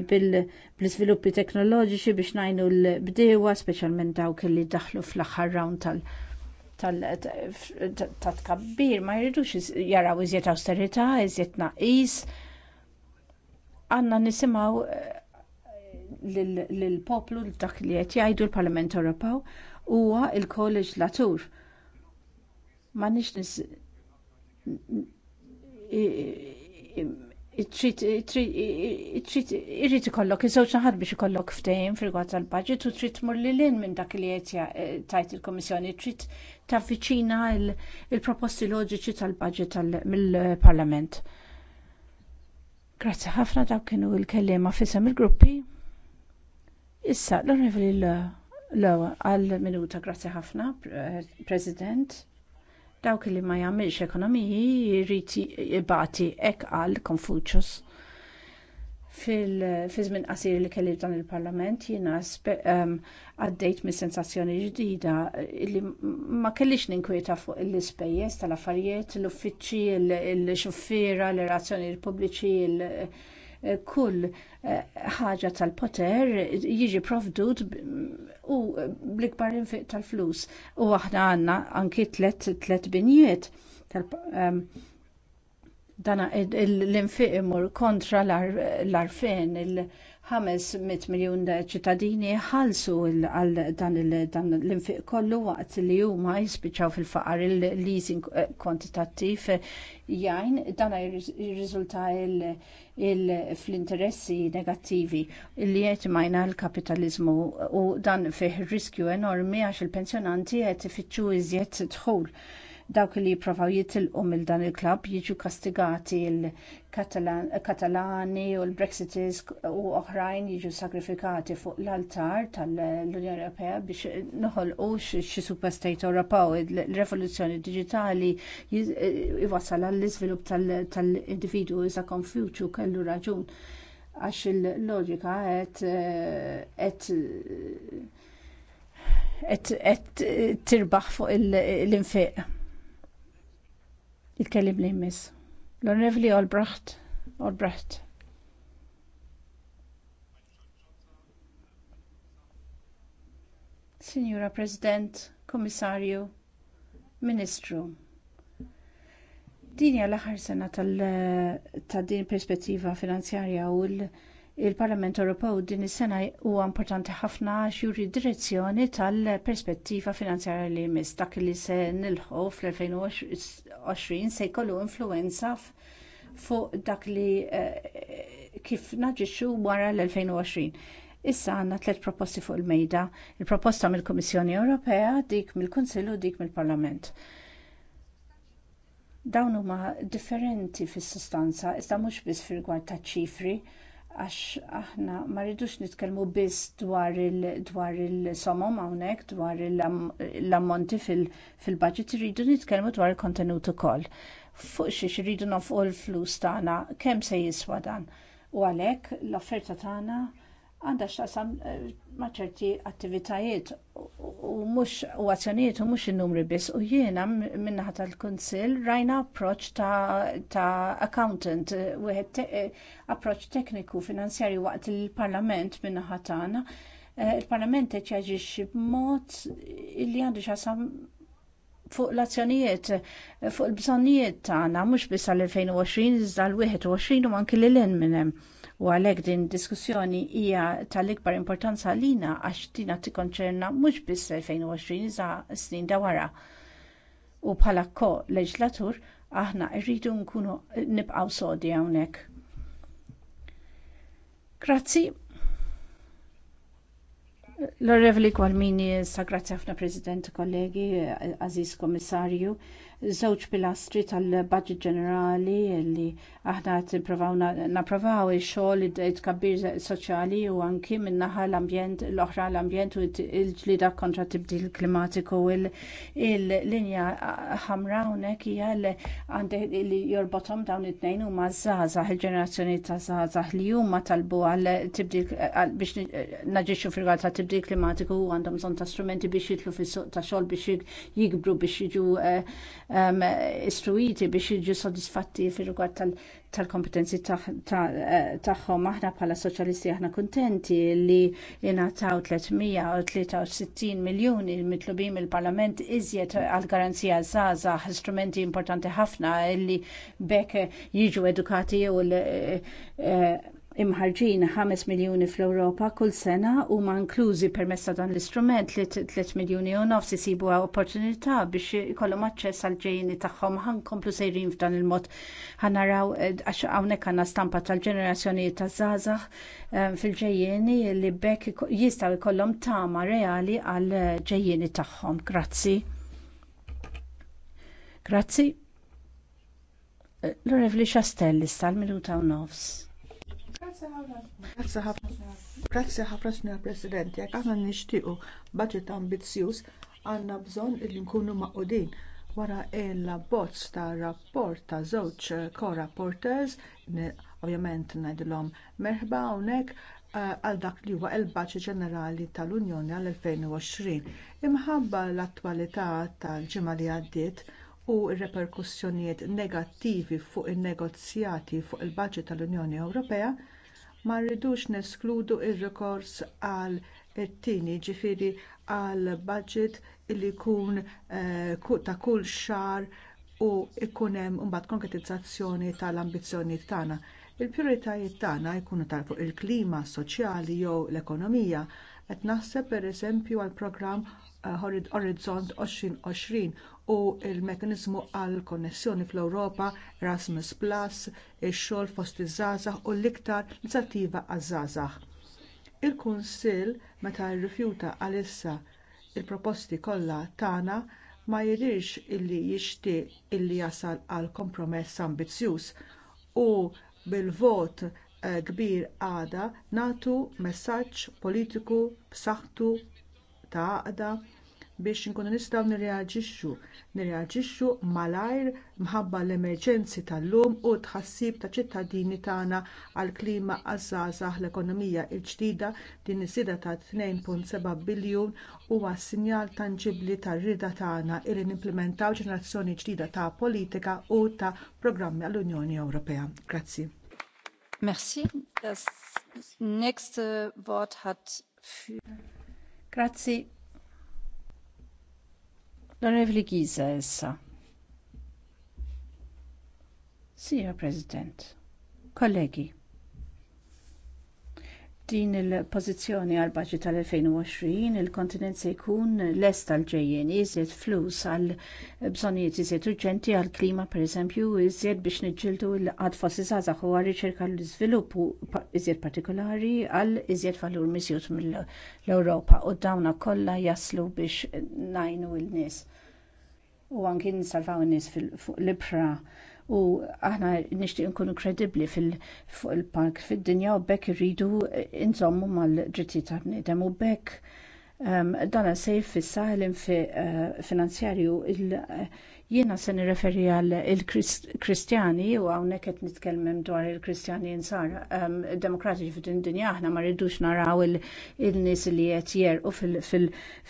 bil iżviluppi teknoloġiċi biex ngħinu l-bdewa, speċjalment dawk li daħlu fl-aħħar round tal- ta' tkabbir ma jridux jaraw iżjed austerità, iżjed naqis. Għanna nisimaw eh, lill-poplu dak li qed jgħidu l-Parlament Ewropew huwa l Latur. Ma nix irrid ikollok iżewġ naħad biex ikollok ftejn fil-gwad tal-budget u trid tmur l-in minn dak li qed eh, tajt il trit trid tavviċina il-proposti loġiċi tal-budget mill-Parlament. Grazzi ħafna dak kienu l-kelliema fissam il-gruppi. Issa, l-onorevoli l-għal minuta, grazzi ħafna, President. Dawk li ma jagħmilx ekonomiji jrid jibati hekk għal Konfuċus. Fil-żmien qasir li kelli dan il-Parlament jiena ehm, għaddejt mis sensazzjoni ġdida li ma kellix ninkwieta fuq l-ispejjeż tal-affarijiet, l-uffiċċji, l-xuffiera, l-relazzjoni pubbliċi, l-, -l, -l, -l, -l, -l, -l, -l, -l kull eh, ħaġa tal-poter jiġi provdut u bl-ikbar infiq tal-flus. U aħna għanna anki tlet, tlet binjiet ehm, dana l-infiq imur kontra l-arfen 500 miljon ċittadini ħalsu għal dan l-infiq kollu waqt li huma jispiċaw fil-faqar il-leasing eh, kwantitattiv jgħin dan jirriżulta fl-interessi negattivi li qed majna l-kapitalizmu u dan fih riskju enormi għax il-pensjonanti qed ifittxu iżjed dħul dawk li jipprovaw jitilqu mill dan il-klabb jiġu kastigati il-Katalani u l-Brexitis u oħrajn jiġu sagrifikati fuq l-altar tal-Unjoni Ewropea biex noħolqu xi superstate Ewropew il-revoluzzjoni diġitali iwassal għall-iżvilupp tal-individwu iżda Konfuċju kellu raġun għax il-loġika qed qed tirbaħ fuq l infeq Il-kellim li jmiss. L-Onorevoli Olbracht. Olbracht. Signora President, Komissarju, Ministru. Din hija l-aħħar sena tal din perspettiva finanzjarja u l-Parlament Ewropew din is-sena huwa importanti ħafna għax juri direzzjoni tal-perspettiva finanzjarja li jmiss dak li se nilħu fl-2020 20 se jkollu influwenza fuq dak li eh, kif naġixxu wara l-2020. Issa għandna tliet proposti fuq il-mejda, il-proposta mill-Kummissjoni Ewropea, dik mill-Kunsill u dik mill-Parlament. Dawn huma differenti fis-sustanza, iżda mhux biss fil-rigward taċ-ċifri, għax aħna ma rridux nitkellmu biss dwar il-somom il hawnhekk dwar l-ammonti fil-budget irridu nitkellmu dwar il-kontenut ukoll. Fuq xiex irridu nofqu l-flus tagħna kemm se jiswa dan. U għalhekk l-offerta tagħna għandha x'taqsam eh, ma' ċerti attivitajiet u mhux u azzjonijiet u mhux in-numri biss u jiena minnaħa tal-Kunsill rajna approċċ ta', ta accountant eh, wieħed te, eh, approċċ tekniku finanzjarju waqt il-Parlament minnaħa tagħna. Il-Parlament qed jaġixxi b'mod li għandu x'asam fuq l-azzjonijiet, fuq il-bżonnijiet tagħna mhux biss għal 2020 iżda l-21 u anki lil hemm minn hemm u għalhekk din id diskussjoni hija tal-ikbar importanza għalina għax tina tikkonċerna mhux biss 2020 iżda snin da wara. U bħala ko leġlatur aħna rridu nkunu nibqgħu sodi hawnhekk. Grazzi. L-Orevli mini sa' grazzi ħafna President, kollegi, Aziz Komissarju żewġ pilastri tal-budget ġenerali li aħna qed nippruvaw naprovaw ix-xogħol id-tkabbir soċjali u anki min-naħa l-ambjent l-oħra l-ambjent u il ġlida kontra tibdil klimatiku il-linja ħamra hawnhekk hija li għande li jorbotom dawn it-tnejn huma żgħażagħ il-ġenerazzjoni ta' zazah li huma talbu għal tibdil biex naġixxu fil ta' tibdil klimatiku u għandhom zon ta' strumenti biex jitlu fis-suq ta' xogħol biex jikbru biex jiġu eh, Um, istruiti biex jiġu sodisfatti fir-rigward tal-kompetenzi eh, tagħhom aħna bħala soċjalisti aħna kuntenti li jingħataw 363 miljuni mitlubim il parlament iżjed għal garanzija żgħażagħ strumenti importanti ħafna li bekk jiġu edukati u eh, eh, imħarġin 5 miljuni fl-Ewropa kull sena huma inklużi permezz ta' dan l-istrument li 3 miljuni u nofs isibu opportunità biex jkollhom aċċess għal ġejjini tagħhom ħankomplu sejrin f'dan il-mod naraw eh, għax hawnhekk għandna stampa tal-ġenerazzjoni taż-żgħażagħ eh, fil-ġejjeni li bekk jistgħu jkollhom tama reali għal ġejjini tagħhom. Grazzi. Grazzi. Eh, L-Orevli Chastelli sal minuta u nofs. Grazzi ħafna, Signor President, jekk aħna nixtiequ budget ambizzjuż għandna bżonn li nkunu maqudin wara l bozz tar rapport ta' żewġ co-rapporters, ovvjament ngħidilhom merħba hawnhekk eh, għal dak li huwa l-Baċi Ġenerali tal-Unjoni għal-2020. Imħabba l-attwalità tal-ġimgħa li għaddiet u r-reperkussjonijiet negattivi fuq in-negozjati fuq il baġit tal-Unjoni Ewropea, ma rridux neskludu r rekors għal it-tieni ġifieri għal budget li jkun eh, ta' kull xahar u jkun hemm imbagħad konkretizzazzjoni tal-ambizzjonijiet tagħna. Il-prijoritajiet tagħna jkunu tal fuq il-klima, soċjali jew l-ekonomija qed naħseb pereżempju għall programm eh, Horizont 2020 u l-mekkaniżmu għall konnessjoni fl-Ewropa, Erasmus Plus, ix-xogħol fost iż-żgħażagħ u l-iktar inizjattiva għaż-żgħażagħ. Il-Kunsill meta rrifjuta għalissa l proposti kollha tagħna ma jridx illi jixtieq illi jasal għal kompromess ambizzjuż u bil-vot eh, kbir għada nagħtu messaġġ politiku b'saħħtu ta' għaqda biex inkunu nistgħu nirreaġixxu. Nirreaġixxu malajr mħabba l-emerġenzi tal-lum u t tħassib ta' ċittadini tagħna għall klima għażażaħ l-ekonomija l ġdida din is-sida ta' 2.7 biljun huwa sinjal tanġibbli tar-rida tagħna li nimplementaw ġenerazzjoni ġdida ta' politika u ta' programmi għall-Unjoni Ewropea. Grazzi. Merci. Das nächste Wort hat Grazzi l Giza issa. Sija President, kollegi, din il pozizjoni għal baġi tal-2020 il-kontinent se jkun lest għal ġejjen iżjed flus għal bżonnijiet iżjed urġenti għal klima pereżempju iżjed biex niġġieldu l-qad fossi u għal riċerka l-iżvilupp iżjed partikolari għal iżjed valur miżjud mill-Ewropa u dawna kollha jaslu biex najnu l-nies u anki nsalvaw n-nies fuq l-ibra u aħna nixtieq nkunu kredibbli fuq il-park fid-dinja u bekk irridu inżommu mal-drittijiet tal-bniedem u bekk um, dan sejf fissa l-infi uh, finanzjarju Jiena se nirreferi għal il-Kristjani u hawnhekk qed nitkellmem dwar il-Kristjani insar um, demokratiċi fid dinja aħna ma rridux naraw il-nies li qed jerqu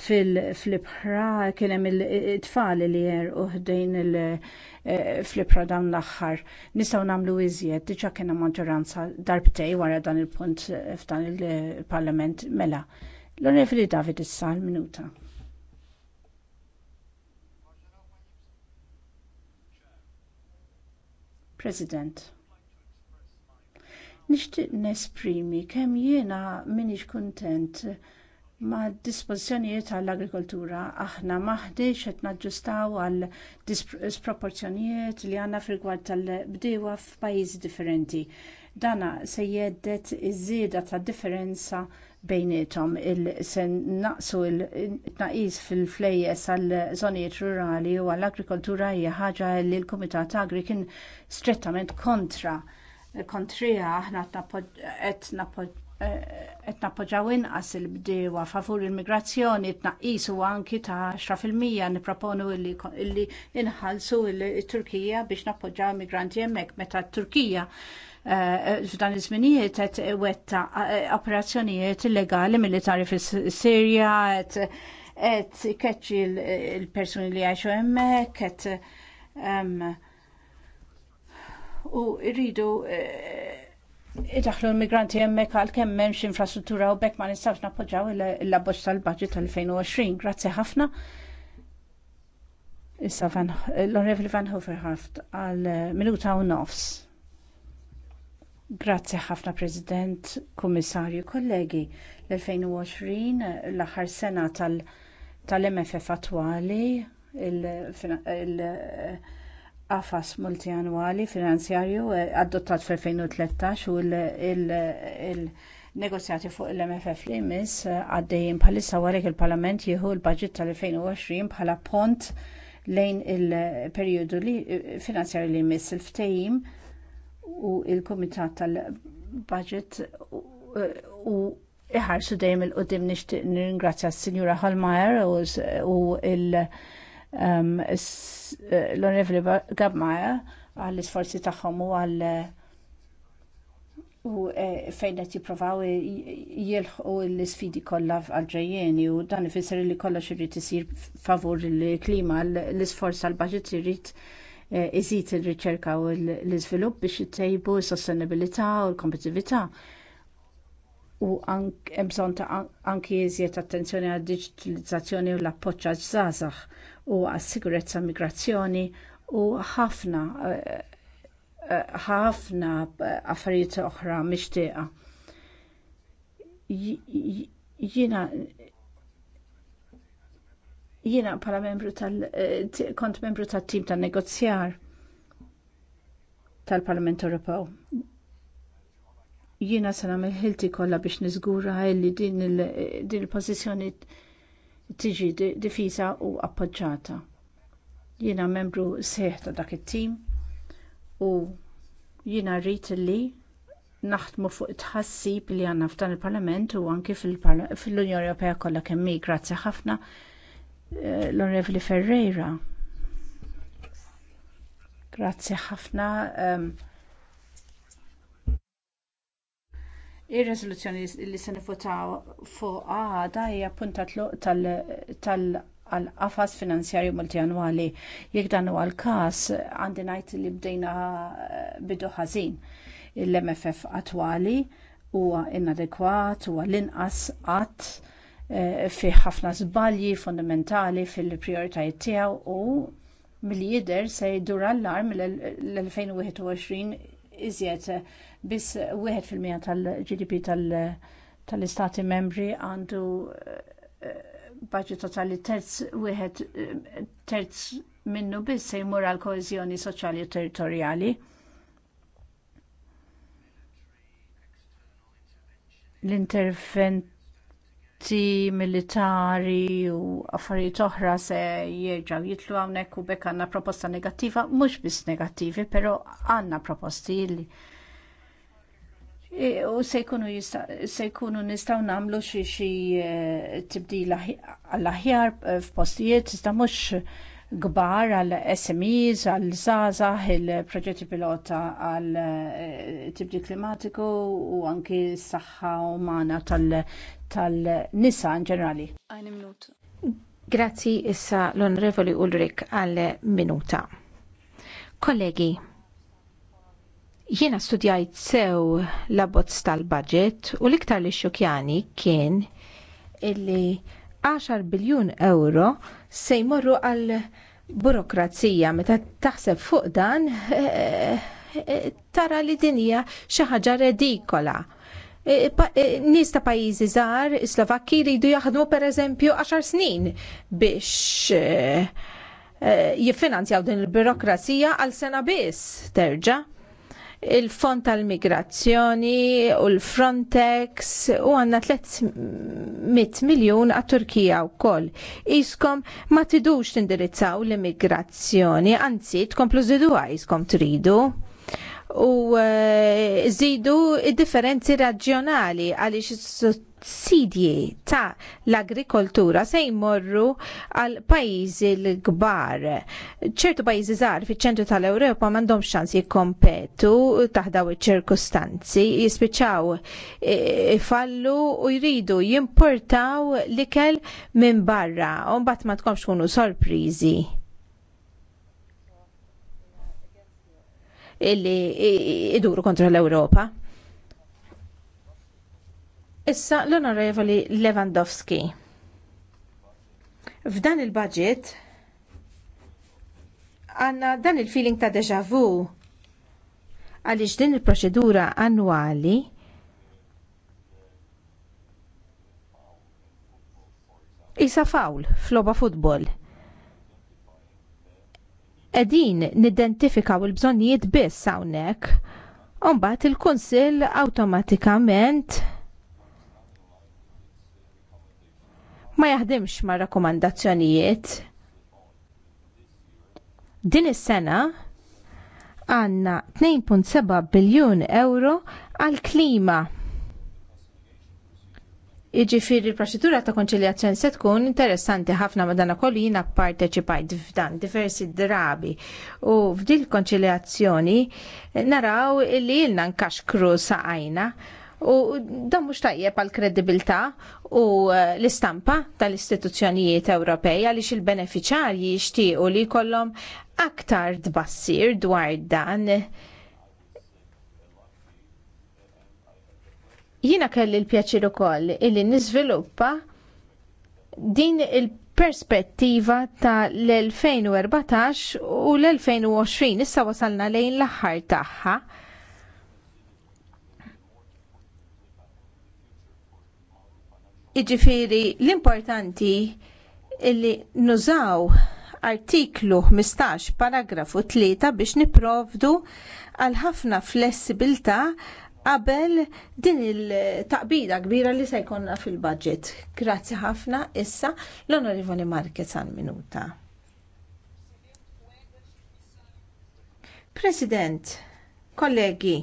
fil-ibħra kien hemm it-tfal li jerqu ħdejn il-flipra eh, dan l-aħħar. Nistgħu nagħmlu iżjed, diġà kien hemm maġġoranza darbtej wara dan il-punt f'dan il-Parlament mela. L-Onorevoli David issa minuta. President. Nixtieq nesprimi kemm jiena m'iniex kuntent mad dispożizzjonijiet għall-agrikoltura aħna m'aħniex qed naġġustaw għal sproporzjonijiet li għandna fil tal-bdiewa f'pajjiżi differenti. dan se jeddet iż-żieda tad differenza bejnietom il-sen naqsu il-tnaqis fil-flejjes għal żonijiet rurali u għall agrikoltura hija ħaġa li l-Kumitat Agri kien strettament kontra. Kontrija aħna qed nappoġġaw inqas il-bdewa favur il-migrazzjoni tnaqqis u anki ta' 10% nipproponu li inħallsu il-Turkija biex nappoġġaw immigranti hemmhekk meta t-Turkija Eh, f'dan iż-żminijiet qed wetta eh, operazzjonijiet illegali militari fis-Sirja qed ikeċċi l-persuni li għajxu hemmhekk qed ehm, u rridu eh, Idaħlu l-migranti hemmhekk għal kemm infrastruttura u bekk ma nistax nappoġġaw il labboġġ tal-budget tal-2020. Grazzi ħafna. Issa l-Onorevoli Van Hoverhaft għal minuta u nofs. Grazzi ħafna President, Kummissarju, kollegi. L-2020 l-aħħar sena tal-MFF tal attwali il Afas il multianwali finanzjarju eh, adottat fl-2013 u il-negozjati il il fuq l-MFF li jmiss eh, għaddejjin bħalissa warek il-Parlament jieħu l-budget tal-2020 bħala pont lejn il-periodu eh, finanzjarju li jmiss il-ftejim u il-Komitat tal-Budget u iħarsu dejjem il-qudiem nixtieq nirringrazzja s-Sinjura Hallmeyer u um, l-Onorevoli Gabmajer għall-isforzi tagħhom u għall u e, fejn qed jippruvaw jilħqu l-isfidi kollha għal-ġejjeni u dan ifisser li kollox irid isir favur il-klima l-isforz tal-baġit irid Eh, iżid il-riċerka u l-iżvilupp biex jittejbu s-sostenibilità u l-kompetitività u hemm bżonn ta' anki iżjed attenzjoni għad digitalizzazzjoni u l-appoġġ għaż-żgħażagħ u għas-sigurezza migrazzjoni u ħafna eh, eh, ħafna affarijiet oħra mixtieqa. Jiena Jiena bħala membru tal eh, kont membru tat-tim tan-negozjar tal-Parlament Ewropew. Jiena sena nagħmel ħilti kollha biex niżgura li din il-pożizzjoni tiġi difisa u appoġġata. Jiena membru seħħ ta' dak it-tim u jiena rrid li naħdmu fuq tħassib li għandna f'dan il-Parlament u anki fil-Unjoni Ewropea kollha kemm hi. Grazzi ħafna l-Onorevoli Ferreira. Grazzi ħafna. Um, ehm, Ir-rezoluzzjoni li se nifotaw fuq għada hija puntat tal-qafas finanzjarju multianwali. Jekk dan huwa l-każ, għandi ngħid li bdejna eh, bidu ħażin l-MFF attwali huwa inadekwat, huwa l-inqas qatt Eh, fih ħafna żbalji fondamentali fil-prijoritajiet tiegħu u mill-jider se jdur allarm l-2021 iżjed biss wieħed fil-mija tal-GDP tal-istati membri għandu eh, budget totali terz wieħed eh, terz minnu biss se jmur għal koeżjoni soċjali u territorjali. L-intervent konflitti militari u affarijiet oħra se jerġaw jitlu hawnhekk u bekk għandna proposta negattiva, mhux biss negattivi, però għandna proposti li e, u se jkunu nistgħu nagħmlu xi xi e, tibdil għall-aħjar e, f'postijiet iżda mhux kbar għal SMEs, għal Zaza, il-proġetti pilota għal tibdi klimatiku u anki s-saħħa umana tal tal-nisa in ġenerali. Grazzi issa l-Onorevoli Ulrik għal minuta. Kollegi, jiena studjajt sew l-abbozz tal-budget u l-iktar li xokjani kien illi 10 biljun euro se jmorru għal burokrazija meta taħseb fuq dan eh, eh, tara li dinja xi ħaġa redikola. E, e, nies ta' pajjiżi żgħar, Slovakki jridu jaħdmu pereżempju 10 snin biex e, jiffinanzjaw din il-birokrazija għal sena biss terġa' il-Fond tal-Migrazzjoni u l-Frontex u għanna 300 miljon għat Turkija u koll. Iskom ma tidux tindirizzaw l-immigrazzjoni, anzi tkomplu zidu għajskom tridu u eh, zidu differenzi raġjonali għaliex is-sussidji ta' l-agrikoltura se jmorru għal pajjiżi l-kbar. ċertu pajjiżi żgħar fiċ-ċentru tal-Ewropa m'għandhomx xans jikkompetu taħdaw iċ-ċirkustanzi, jispiċċaw eh, fallu u jridu jimportaw l-ikel minn barra u mbagħad ma tkomx kunu sorpriżi illi iduru kontra l-Ewropa. Issa l-Onorevoli Lewandowski. F'dan il-budget għanna dan il-feeling ta' deja vu għaliex din il-proċedura annwali Isa fawl, floba futbol qegħdin nidentifikaw il-bżonnijiet biss hawnhekk. Mbagħad il-Kunsill awtomatikament ma jaħdimx ma' rakkomandazzjonijiet. Din is-sena għandna 2.7 biljun euro għal klima Iġifiri l-proċedura ta' konċiljazzjoni se tkun interessanti ħafna ma dana kollu jina parteċipajt f'dan diversi drabi u f'dil konċiljazzjoni eh, naraw li jilna nkaxkru saqajna u dan mhux tajjeb għal kredibilta u eh, l-istampa tal-istituzzjonijiet Ewropej għaliex il-beneficjarji jixtiequ li jkollhom aktar tbassir dwar dan Jiena kelli l-pjaċir ukoll illi niżviluppa din il-perspettiva ta' l-2014 u l-2020 issa wasalna lejn l-aħħar tagħha. Iġifiri l-importanti illi nużaw artiklu 15 paragrafu 3 biex niprovdu għal ħafna flessibilta qabel din il-taqbida kbira li se jkollna fil-budget. Grazzi ħafna issa l-Onorevoli Marke San minuta. President, kollegi,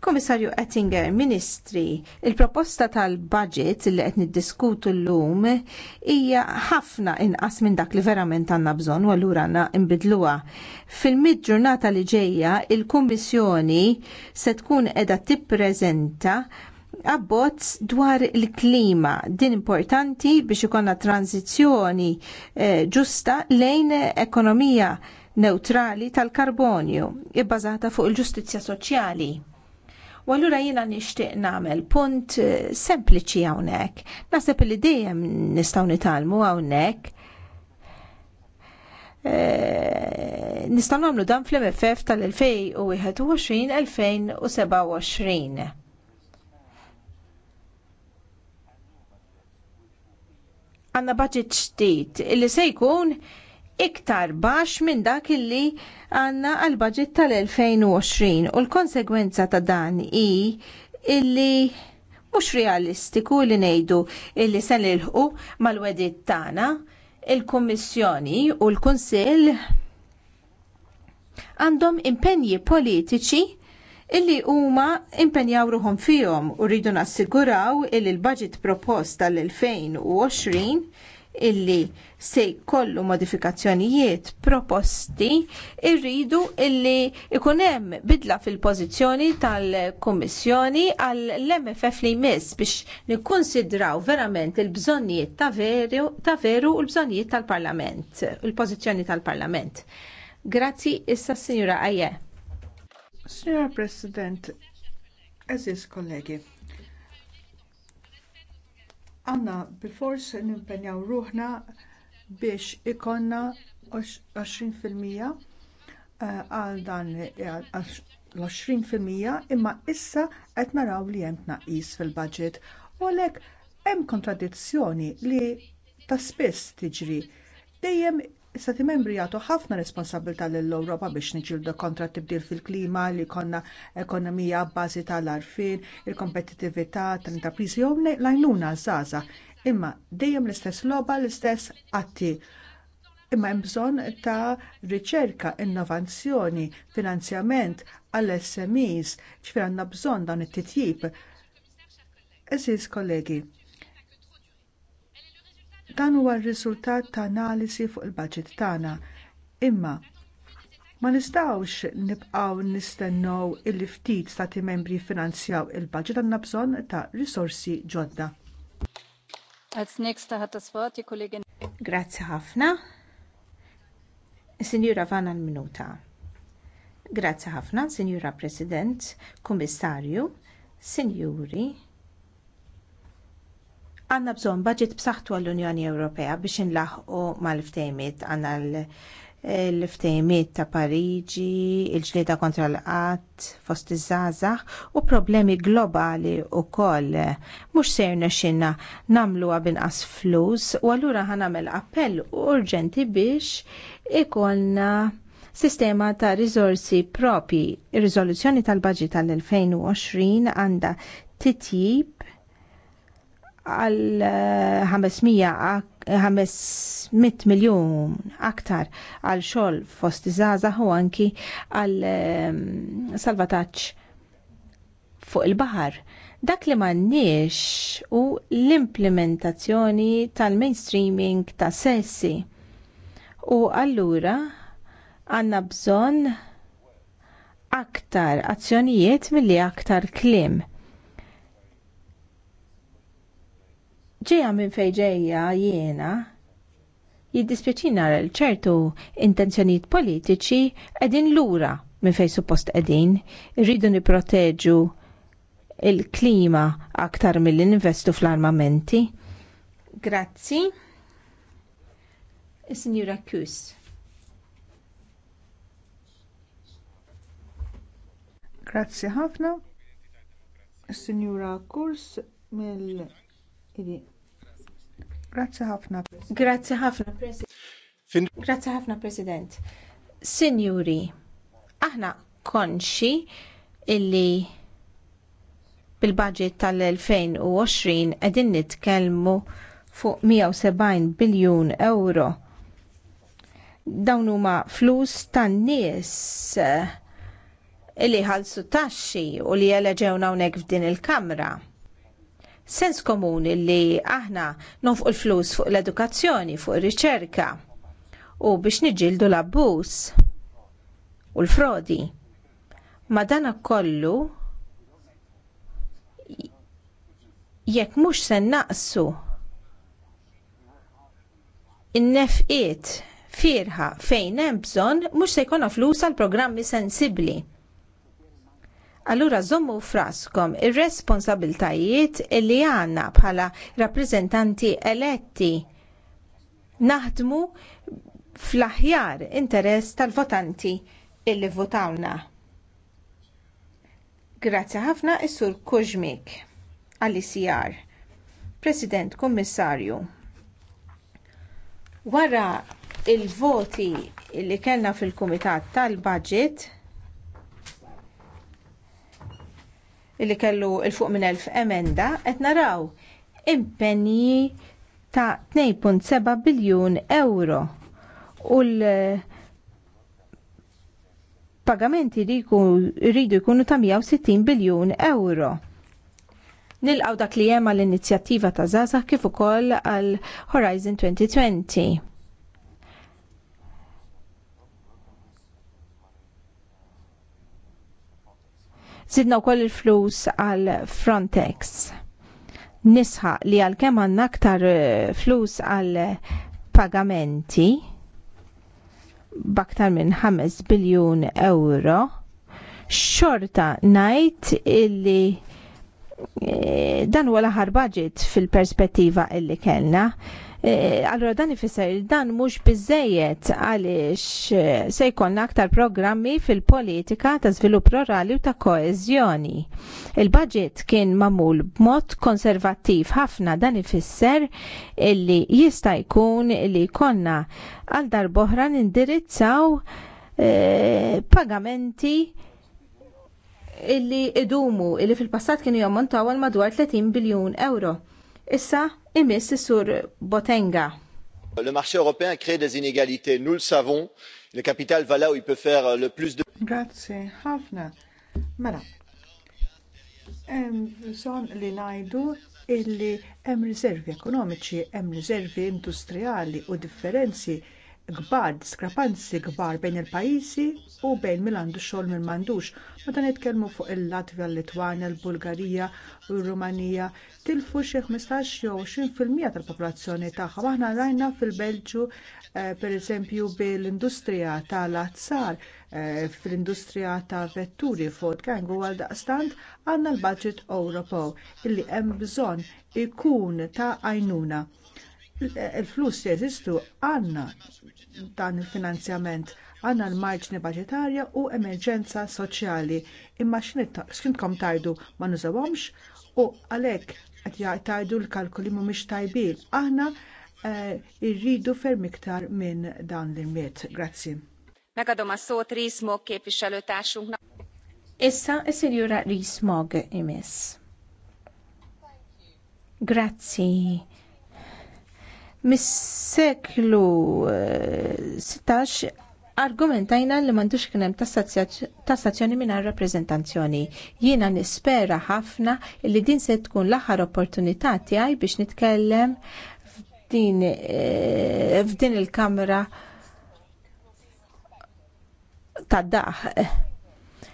Komissarju Ettinger, Ministri, il-proposta tal-budget li qed niddiskutu llum hija ħafna inqas minn dak li verament għandna bżonn u allura għandna nbidluha. Fil-mid ġurnata li ġejja, il-Kummissjoni se tkun qiegħda tippreżenta abbozz dwar il-klima din importanti biex ikonna tranzizjoni eh, ġusta lejn ekonomija neutrali tal-karbonju ibbażata fuq il-ġustizzja soċjali. U allura jiena nixtieq nagħmel punt eh, sempliċi hawnhekk. Naħseb li dejjem nistgħu nitalmu hawnhekk. Nistaw eh, Nistgħu nagħmlu dan fl-MFF tal-2021-2027. Għanna budget ġdid illi se jkun iktar baxx minn dak illi għandna għall budget tal-2020 u l-konsegwenza ta' dan hi illi mhux realistiku li ngħidu illi se nilħqu mal-wedit tagħna il-Kummissjoni u l-Kunsill għandhom impenji politiċi illi huma impenjaw ruhom fihom u rridu nassiguraw illi l-budget proposta tal-2020 illi se jkollu modifikazzjonijiet proposti irridu illi ikun hemm bidla fil-pożizzjoni tal-Kummissjoni għall mff li jmiss biex nikkunsidraw verament il-bżonnijiet ta' veru u l-bżonnijiet tal-Parlament, il-pożizzjoni tal-Parlament. Grazzi issa Sinjura Aje. Sinjura President, eżis kollegi, għandna bilfors nimpenjaw ruħna biex ikonna 20% eh, għal dan eh, l-20% imma issa qed naraw li hemm tnaqqis fil-budget u għalhekk hemm kontradizzjoni li ta' spiss tiġri dejjem stati membri jagħtu ħafna responsabilità lill-Ewropa biex niġildu kontra tibdil fil-klima li jkollna ekonomija bbażi tal-arfin, il-kompetittività tal-intrapriżi jew lajnuna għajnuna żgħażagħ. Imma dejjem l-istess logħba l-istess atti. Imma hemm bżonn ta' riċerka, innovazzjoni, finanzjament għall-SMEs, ċfir għandna bżonn dan it-titjib. Eżis kollegi, Dan huwa r-riżultat ta' analisi fuq il-budget tagħna. Imma ma nistgħux nibqgħu nistennew illi ftit stati membri finanzjaw il-budget għandna bżonn ta' risorsi ġodda. Grazzi ħafna. Sinjura Vanna l-Minuta. Grazzi ħafna, Sinjura President, Kummissarju, Sinjuri, Għanna bżon budget b'saħħtu għall-Unjoni Ewropea biex inlaħqu mal-ftejmiet għanna l-ftejmiet ta' Pariġi, il-ġlieda kontra l-qatt, fost iż-żgħażagħ u problemi globali wkoll. Mhux ser nexxinna nagħmluha binqas flus u allura ħa nagħmel appell urġenti biex ikollna sistema ta' riżorsi propi. Ir-riżoluzzjoni tal-baġit tal-2020 għandha titjib għal 500 eh, miljon aktar għal xol fost iżaza u anki għal eh, salvataċ fuq il-bahar. Dak li manniex u l-implementazzjoni tal-mainstreaming ta' sessi. U allura għanna bżon aktar azzjonijiet mill-li aktar klim ġeja minn fejġeja jiena jiddispjaċina l ċertu intenzjonijiet politiċi qegħdin lura minn fejn suppost qegħdin, irridu nipproteġu il-klima aktar milli ninvestu fl-armamenti. Grazzi. Signora Kus. Grazzi ħafna. Signora sinjura Kurs mill Grazie Grazzi ħafna. Grazzi ħafna, President. Grazzi ħafna, President. Sinjuri, aħna konxi illi bil-budget tal-2020 qegħdin nitkellmu fuq 170 biljun euro. Dawn huma flus tan-nies eh, illi ħalsu taxxi u li eleġewna hawnhekk f'din il-Kamra sens komuni li aħna nonfqu l-flus fuq l-edukazzjoni, fuq ir-riċerka u biex niġildu l-abbuż u l-frodi. Ma dana kollu jekk mhux se naqsu in-nefqiet firħa fejn hemm bżonn mhux se jkollna flus għal programmi sensibbli. Allura żommu fraskom ir-responsabiltajiet li għandna bħala rappreżentanti eletti naħdmu fl-aħjar interess tal-votanti illi votawna. Grazzi ħafna is-sur Kużmik għall-ICR, President Kummissarju. Wara il-voti li kellna fil-Kumitat tal-Budget, li kellu il-fuq minn elf emenda qed naraw impenji ta' 2.7 biljun euro u l pagamenti jridu jkunu ta' 160 biljun euro. Nilqaw dak li hemm għall inizjattiva ta' Zaza kif ukoll għal Horizon 2020. u wkoll il-flus għal Frontex. Nisħa li għal kem għandna aktar eh, flus għal pagamenti baktar minn 5 biljun euro xorta najt illi eh, dan huwa l-aħħar budget fil-perspettiva illi kellna Eh, allora dan ifisser dan mhux biżejjed għaliex eh, se jkollna aktar programmi fil-politika ta' żvilupp rurali u ta' koeżjoni. Il-budget kien mamul b'mod konservattiv ħafna dan ifisser illi jista' jkun li konna għal darboħra nindirizzaw eh, pagamenti illi idumu illi fil-passat kienu jammontaw għal madwar 30 biljun euro. Issa Imis sur Botenga. Le marché européen crée des inégalités, nous le savons. Le capital va là où il peut faire euh, le plus de. Grazie, Hafna. Mela, son li najdu illi hemm riservi ekonomiċi, hemm riservi industrijali u differenzi kbar, diskrepanzi kbar bejn il-pajjiżi u bejn min għandu xogħol min m'għandux. Meta nitkellmu fuq il-Latvja, l-Litwanja, l-Bulgarija u r-Rumanija tilfu xi 15 jew 20% tal-popolazzjoni tagħha. Aħna rajna fil-Belġju eh, pereżempju bil-industrija tal-azzar eh, fl-industrija ta' vetturi Ford Kang u daqstant għandna l-budget Ewropew illi hemm bżonn ikun ta' għajnuna il-flus jeżistu għandna dan il-finanzjament għandna l-marġni budgetarja u emerġenza soċjali imma x'intkom tajdu ma nużawhomx u għalhekk qed tajdu l-kalkoli mhumiex tajbin. Aħna eh, irridu ferm iktar minn dan l-imiet. Grazzi. Megadom għas-sot Rismog Issa is-Sinjura Rismog imiss. Grazzi mis-seklu 16 eh, argumentajna li mandux kien hemm tassazzjoni mingħajr rappreżentazzjoni. Jiena nispera ħafna li din se tkun l-aħħar opportunità tiegħi biex nitkellem f'din eh, f'din il-kamra tad-daħ.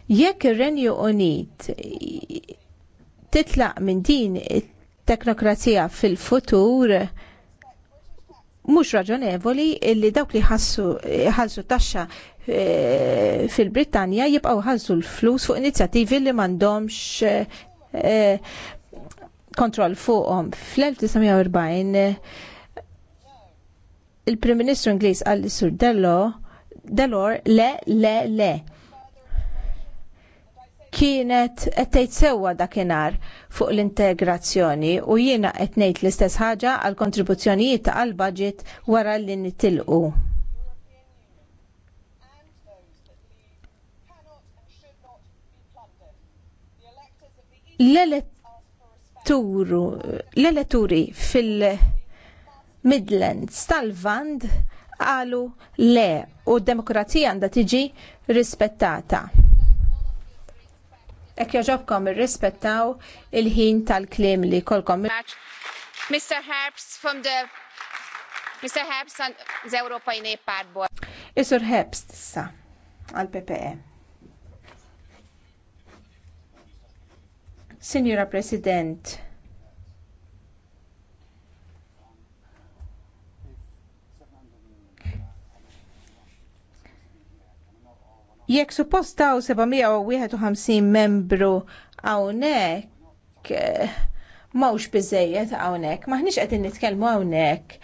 Jekk ir-Renju Unit titlaq minn din it-teknokrazija fil-futur, mhux raġonevoli li dawk li ħassu taxxa eh, fil-Brittanja jibqgħu ħassu l-flus fuq inizjattivi li m'għandhomx eh, kontroll fuqhom. Fl-1940 il-Prim Ministru Ingliż għal Sur Delor le le le kienet qed tgħid sewwa dakinhar fuq l-integrazzjoni u jiena qed ngħid l-istess ħaġa għall kontribuzzjonijiet għall budget wara li nitilqu. l eletturi fil-Midlands tal-Vand qalu le u d-demokrazija għandha tiġi rispettata Ek jaġobkom il-rispettaw il-ħin tal-klim li kolkom. Mr. Herbs from the Mr. Herbs on the Europa in Pardboard. Isur Herbs tissa, għal PPE. Signora President, Jekk suppost taw 751 membru hawnhekk eh, mawx biżejjed hawnhekk, maħniex għedin nitkelmu hawnhekk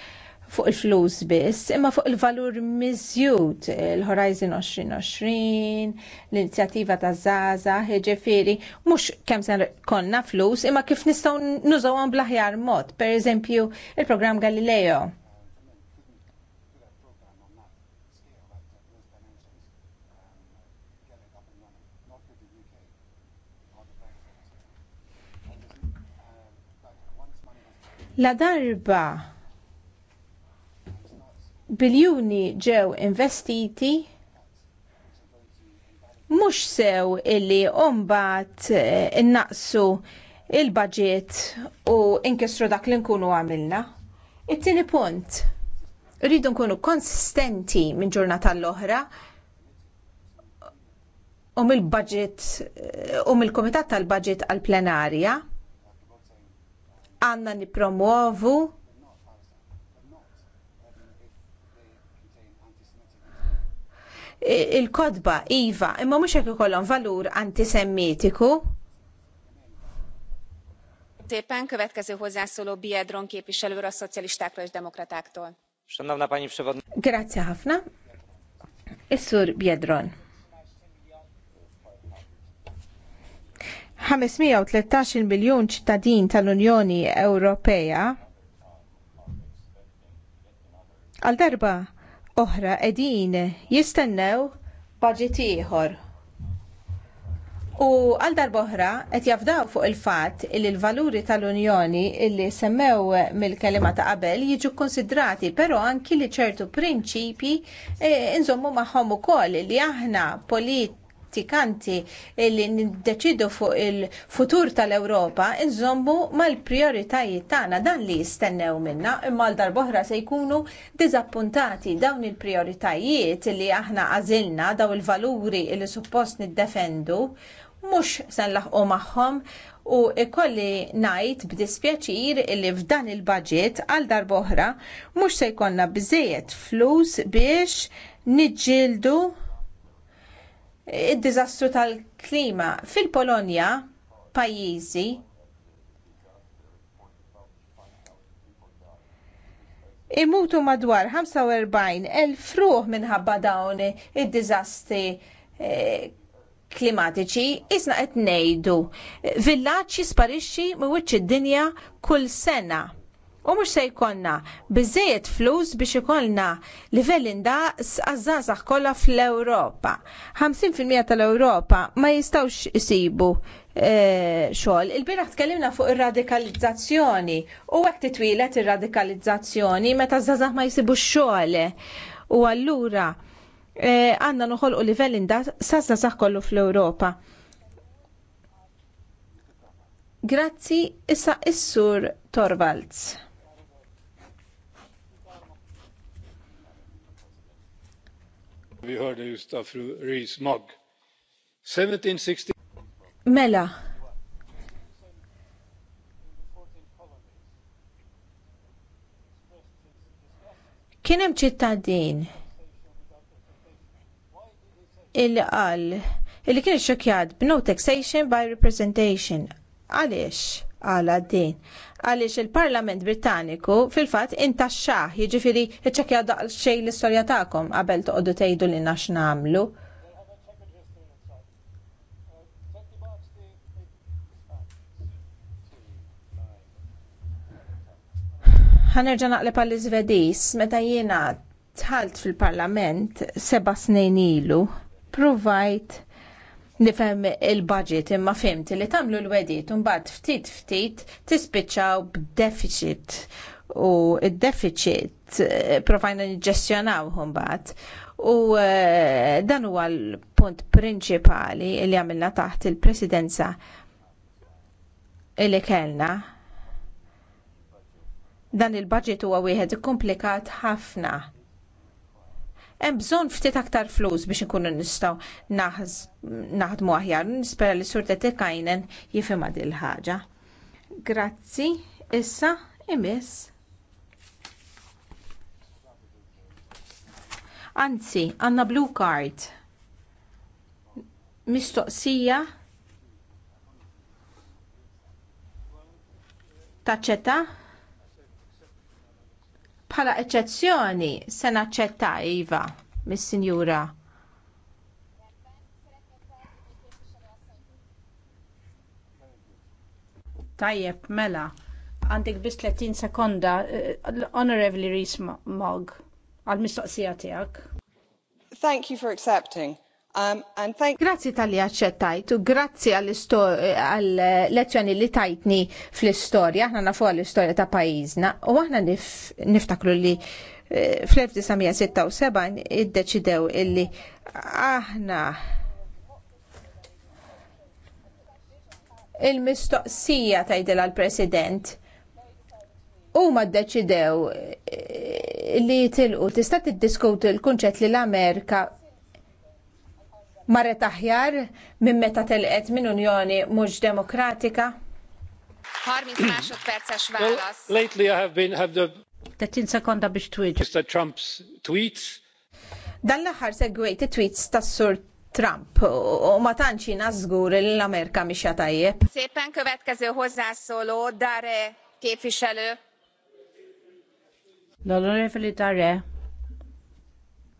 fuq il-flus biss, imma fuq il-valur miżjud il-Horizon 2020, l-inizjattiva ta' Zaza, ġeferi, mux kem sen konna flus, imma kif nistaw nużawon blaħjar mod, per eżempju il-program Galileo. La darba biljuni ġew investiti mhux sew illi mbagħad eh, innaqsu il-budget u inkisru dak li nkunu għamilna. It-tieni punt, rridu nkunu konsistenti minn ġurnata l-oħra u mill-budget eh, u mill-komitat tal-budget għal-plenarja għandna nipromovu il-kodba iva, imma mux hekk ikollhom valur antisemitiku. Szépen következő hozzászóló Biedron képviselőr a szocialistákról és demokratáktól. Szanowna pani przewodnicząca. Grazie Hafna. is Biedron. 513 miljun ċittadin tal-Unjoni Ewropea għal darba oħra qegħdin jistennew baġit ieħor. U għal darba oħra qed jafdaw fuq il-fatt li l-valuri tal-Unjoni li semmew mill-kelima ta' qabel jiġu konsidrati, però anki li ċertu prinċipi eh, inżommu magħhom ukoll li aħna polit prattikanti li niddeċidu fuq il-futur tal-Ewropa nżommu mal-prioritajiet tagħna dan li jistennew minna imma l darboħra se jkunu diżappuntati dawn il-prioritajiet li aħna għażilna daw il-valuri li suppost niddefendu mhux se nlaħqu magħhom u ikolli ngħid b'dispjaċir li f'dan il-budget għal darboħra mhux se jkollna biżejjed flus biex niġġieldu id-diżastru tal-klima. Fil-Polonja, pajjiżi, imutu madwar 45,000 fruħ minħabba dawn id-diżastri eh, klimatiċi isna qed ngħidu villaġġ jisparixxi mwiċċ id-dinja kull sena. U mhux se jkollna biżejjed flus biex ikollna livell indaqs għaż-żgħażagħ kollha fl-Ewropa. 50% tal-Ewropa ma jistgħux isibu eh, xogħol. Il-bieraħ tkellimna fuq ir-radikalizzazzjoni u hekk titwilet ir-radikalizzazzjoni meta żgħażagħ ma jsibux xogħol. U allura eh, għandna noħolqu livell indaqs saż-żgħażagħ kollu fl-Ewropa. Grazzi, issa is-Sur Torvalds. We heard just of Rees-Mogg. 1760. Mela, kien hemm ċittadin illi qal illi kien xokjat b'no taxation by representation. Għaliex? għala din. Għaliex il-Parlament Britanniku fil-fatt jġifiri jiġifieri iċċekkja xej l-istorja tagħkom qabel toqgħodu tgħidu li nax nagħmlu. ħanerġa naqleb pal iżvedis meta jiena tħalt fil-parlament seba' snin ilu, provajt nifhem il-budget imma fimt li tagħmlu l-wedit u mbagħad ftit ftit tispiċċaw b'deficit u d-deficit eh, provajna nġestjonawhom mbagħad. U eh, dan huwa l-punt prinċipali li għamilna taħt il-presidenza li kellna. Dan il-budget huwa wieħed komplikat ħafna hemm bżonn ftit aktar flus biex inkunu nistgħu naħdmu aħjar. Nispera li sur Kajnen jifhimha il ħaġa. Grazzi, issa imiss. Anzi, għandna blue card. Mistoqsija taċċetta? bħala eċezzjoni se naċċetta iva mis-sinjura. Tajjeb, mela, għandek biss 30 sekonda, eh, Honorable Rees Mogg, għall mistoqsija tiegħek. Thank you for accepting. Um, grazzi tal-li għacċettajt u grazzi għall-lezzjoni li tajtni fl-istoria, aħna nafu għall-istoria ta' pajizna u aħna niftakru li eh, fl-1976 id-deċidew illi aħna il-mistoqsija tajdel għal-president u ma d-deċidew eh, li tilqu tista' t-diskut l-kunċett li l-Amerika marret aħjar minn meta telqet minn Unjoni mhux demokratika? 30 lately I have been have the 30 sekonda biex twieġ. Mr. Trump's tweets. Dan l-aħħar segwejt it-tweets tas-Sur Trump u ma tantx żgur li l-Amerika mhix tajjeb. Szépen következő hozzászóló Dare képviselő. L-onorevoli Dare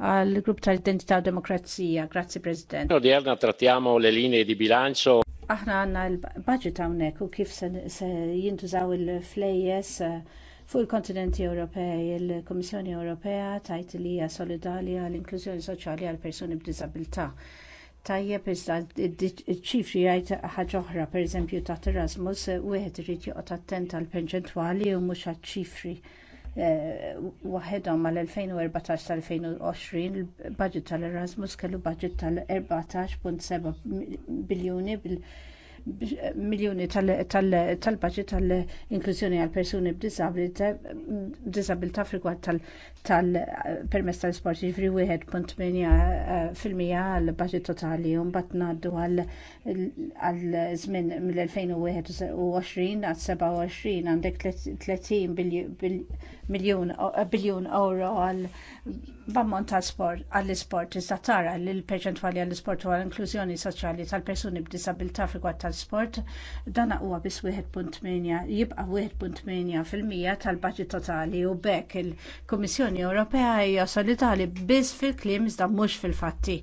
al grupp tal-Identità u Demokrazija. Grazzi President. Odierna trattiamo le linee di bilancio. Aħna għanna l-budget hawnhekk u kif se jintużaw il-flejjes eh, Fuq il-kontinenti Ewropej, il-Kummissjoni Ewropea tajt li hija solidali għall inklużjoni soċjali għal persuni b'diżabilità. Tajjeb iżda ċifri jgħid ħaġa oħra, pereżempju ta' Erasmus, wieħed irid joqgħod attent għall perċentwali u mhux ċifri Eh, waħedhom mal-2014 tal-2020 il-budget tal-Erasmus kellu budget tal-14.7 biljuni miljoni tal-budget tal-inklużjoni għal persuni b'disabilità frigwat tal-permess tal-sport ġifri 1.8 eh, fil-mija għal budget totali un bat naddu għal żmien mill-2021 għal 27 għandek 30 biljon miljun eh, biljun euro għal bammont għall-isport iżda tara li l-perċentwali għall-isport u għall-inklużjoni soċjali tal-persuni b'disabilità rigward tal-sport dan huwa biss 1.8 jibqa' 1.8 fil-mija tal-baġit totali u bekk il-Kummissjoni Ewropea hija solidali biss fil-kliem iżda mhux fil-fatti.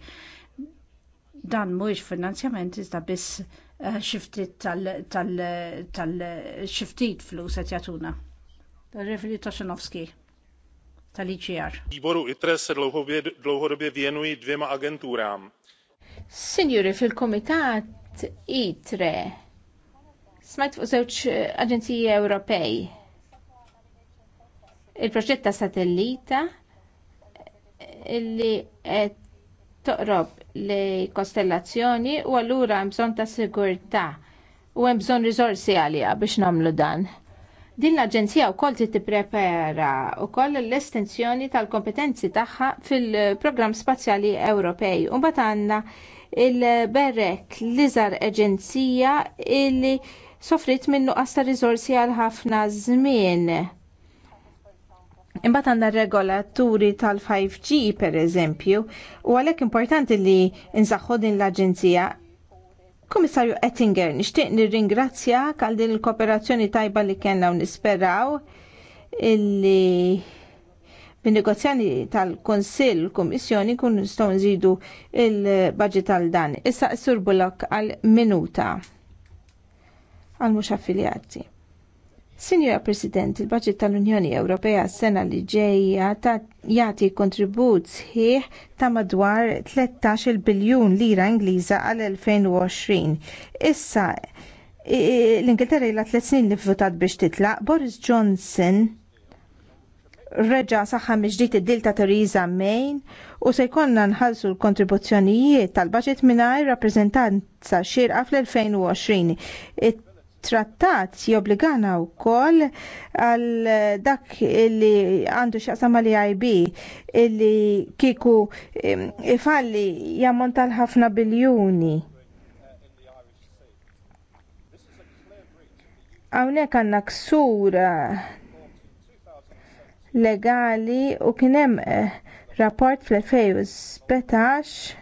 Dan mhux finanzjament iżda biss eh, xiftit tal-xiftit flus qed jagħtuna. Rivli Toshinovski tal-ICR. Výboru ITRE se dlouhodobě, dvěma agenturám. Signori, fil-komitat ITRE smajt fuq żewġ aġenziji Ewropej. Il-proġett ta' satellita illi eh, qed toqrob li kostellazzjoni u allura hemm bżonn ta' sigurtà u hemm bżonn riżorsi għaliha biex nagħmlu dan. Din l-Aġenzija wkoll trid tipprepara wkoll l-estensjoni tal-kompetenzi tagħha fil-Programm Spazjali Ewropej. U mbagħad għandna il-berek l-iżgħar aġenzija illi sofritt minnu qasta riżorsi għal ħafna żmien. Imbagħad għandna regolaturi tal-5G pereżempju, u għalhekk importanti li nsaħħu din l-Aġenzija Komissarju Ettinger, nixtieq ringrazzja għal din il-kooperazzjoni tajba li kellna u nisperaw illi bin negozjani tal konsil Kummissjoni kun nistgħu nżidu il-budget tal dan. Issa s-surbulok għal minuta għal mhux affiljati. Sinjora President, il-budget tal-Unjoni Ewropea s-sena li ġejja jagħti kontribut sħiħ ta' madwar 13 biljun lira Ingliża għal 2020. Issa l-Ingilterra ilha tliet snin li votat biex titlaq Boris Johnson reġa saħħa miġdiet id-dil ta' Theresa May u se jkollna nħallsu l-kontribuzzjonijiet tal-budget mingħajr rappreżentanza xirqa fl-2020 it-trattat jobbligana wkoll għal dak illi għandu x'aqsam mal IB illi kiku ifalli jammont tal ħafna biljuni. Hawnhekk għandna ksur legali u kien hemm eh, rapport fl-2017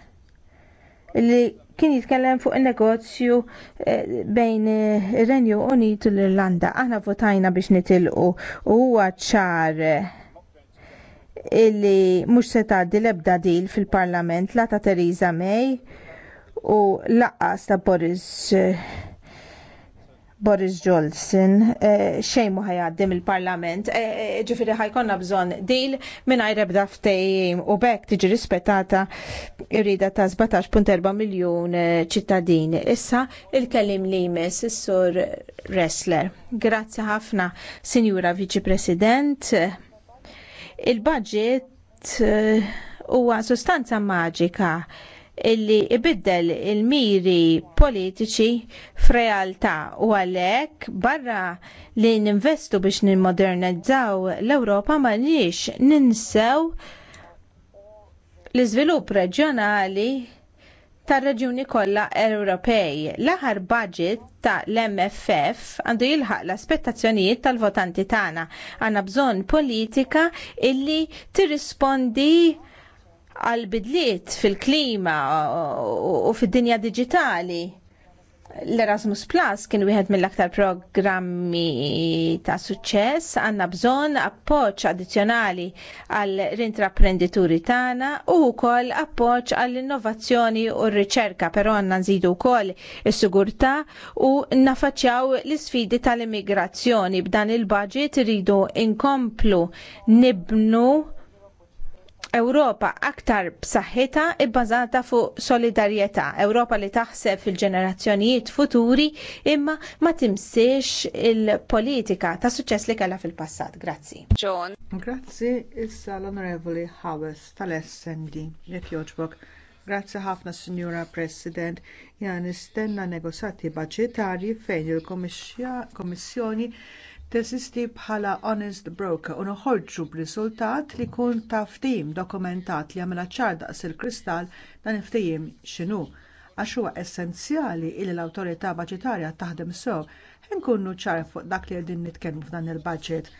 li kien jitkellem fuq il-negozju eh, bejn eh, Renju Unit u l-Irlanda. Aħna votajna biex nitilqu u huwa ċar eh, illi mhux se tgħaddi l-ebda dil fil-Parlament la ta' Theresa May u laqqas ta' Boris Boris Johnson eh, xejn mu ħajaddim il-Parlament, eh, eh, ġifiri ħajkonna bżon dil mingħajr ebda ftejim u bekk tiġi rispettata irrida ta' 17.4 miljun ċittadin. Issa il-kellim li jmiss is-sur Ressler. Grazzi ħafna, Sinjura Viċi President. Il-budget huwa sostanza maġika illi ibiddel il-miri politiċi f'realtà u għalhekk barra li ninvestu biex nimmodernizzaw l-Ewropa ma nix ninsew l-iżvilupp reġjonali tar-reġjuni kollha Ewropej. L-aħħar budget ta' l-MFF għandu jilħaq l-aspettazzjonijiet tal-votanti tagħna. Għandna bżonn politika illi tirrispondi għal bidliet fil-klima u fid-dinja digitali. L-Erasmus Plus kien wieħed mill-aktar programmi ta' suċċess għandna bżonn appoġġ addizzjonali għall intraprenditori tagħna u wkoll appoġġ għall innovazzjoni u r-riċerka, però għandna nżidu wkoll is-sigurtà u nafaċċjaw l-isfidi tal-immigrazzjoni b'dan il-budget iridu inkomplu nibnu Ewropa aktar b'saħħitha ibbażata fuq solidarjetà, Ewropa li taħseb fil-ġenerazzjonijiet futuri imma ma timsiex il-politika ta' suċċess li kellha fil-passat. Grazzi. John. Grazzi issa l-Onorevoli Hawes tal-SND jekk jogħġbok. Grazzi ħafna Sinjura President. Jan nistenna negozjati budġetarji fejn il-Kommissjoni teżisti bħala honest broker u noħorġu b'riżultat li jkun ta' dokumentat li jagħmilha ċar daqs il-kristall dan il-ftehim x'inhu għax huwa essenzjali li l-awtorità baġitarja taħdem sew ħin kunnu ċar fuq dak li qegħdin nitkellmu f'dan il budget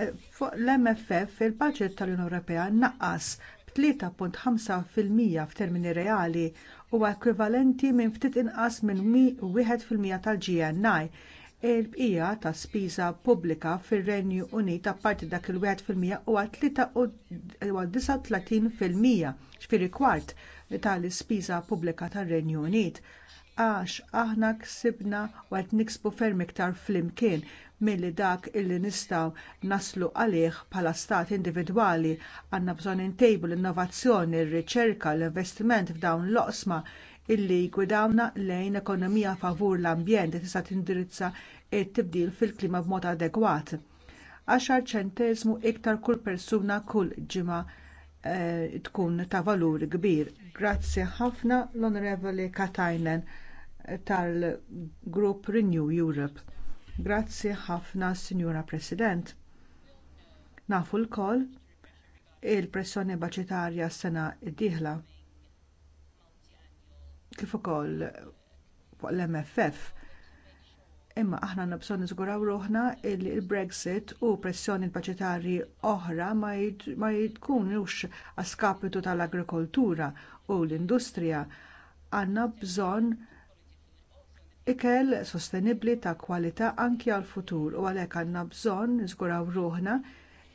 eh, Fuq l-MFF il budget tal-Unjoni Ewropea naqqas b'3.5% f'termini reali huwa ekwivalenti minn ftit inqas minn 1% tal-GNI il-bqija ta' spiża pubblika fir-Renju Unit apparti dak il-1 fil-mija huwa 39 fil-mija, xfiri kwart tal-ispiża pubblika tar-Renju Unit għax aħna ksibna u għed niksbu ferm iktar flimkien milli dak illi nistgħu naslu għalih bħala stat individwali għandna bżonn intejbu l-innovazzjoni, ir-riċerka, l-investiment f'dawn l-oqsma illi jgwidawna lejn ekonomija favur l-ambjent li tista' tindirizza t tibdil fil-klima b'mod adegwat. Għaxar ċenteżmu iktar kull persuna kull ġimgħa eh, tkun ta' valur kbir. Grazzi ħafna l-Onorevoli Katajnen tal-Grupp Renew Europe. Grazzi ħafna, Sinjura President. Nafu lkoll il-pressjoni baċitarja s-sena d-dieħla kif ukoll fuq l-MFF. Imma aħna nibżgħu niżguraw ruħna li l brexit u pressjoni budġetarji oħra ma jitkunux għaskapitu tal-agrikoltura u l-industrija. Għandna bżonn ikel sostenibbli ta' kwalità anki għall futur u għalhekk għandna bżonn niżguraw ruħna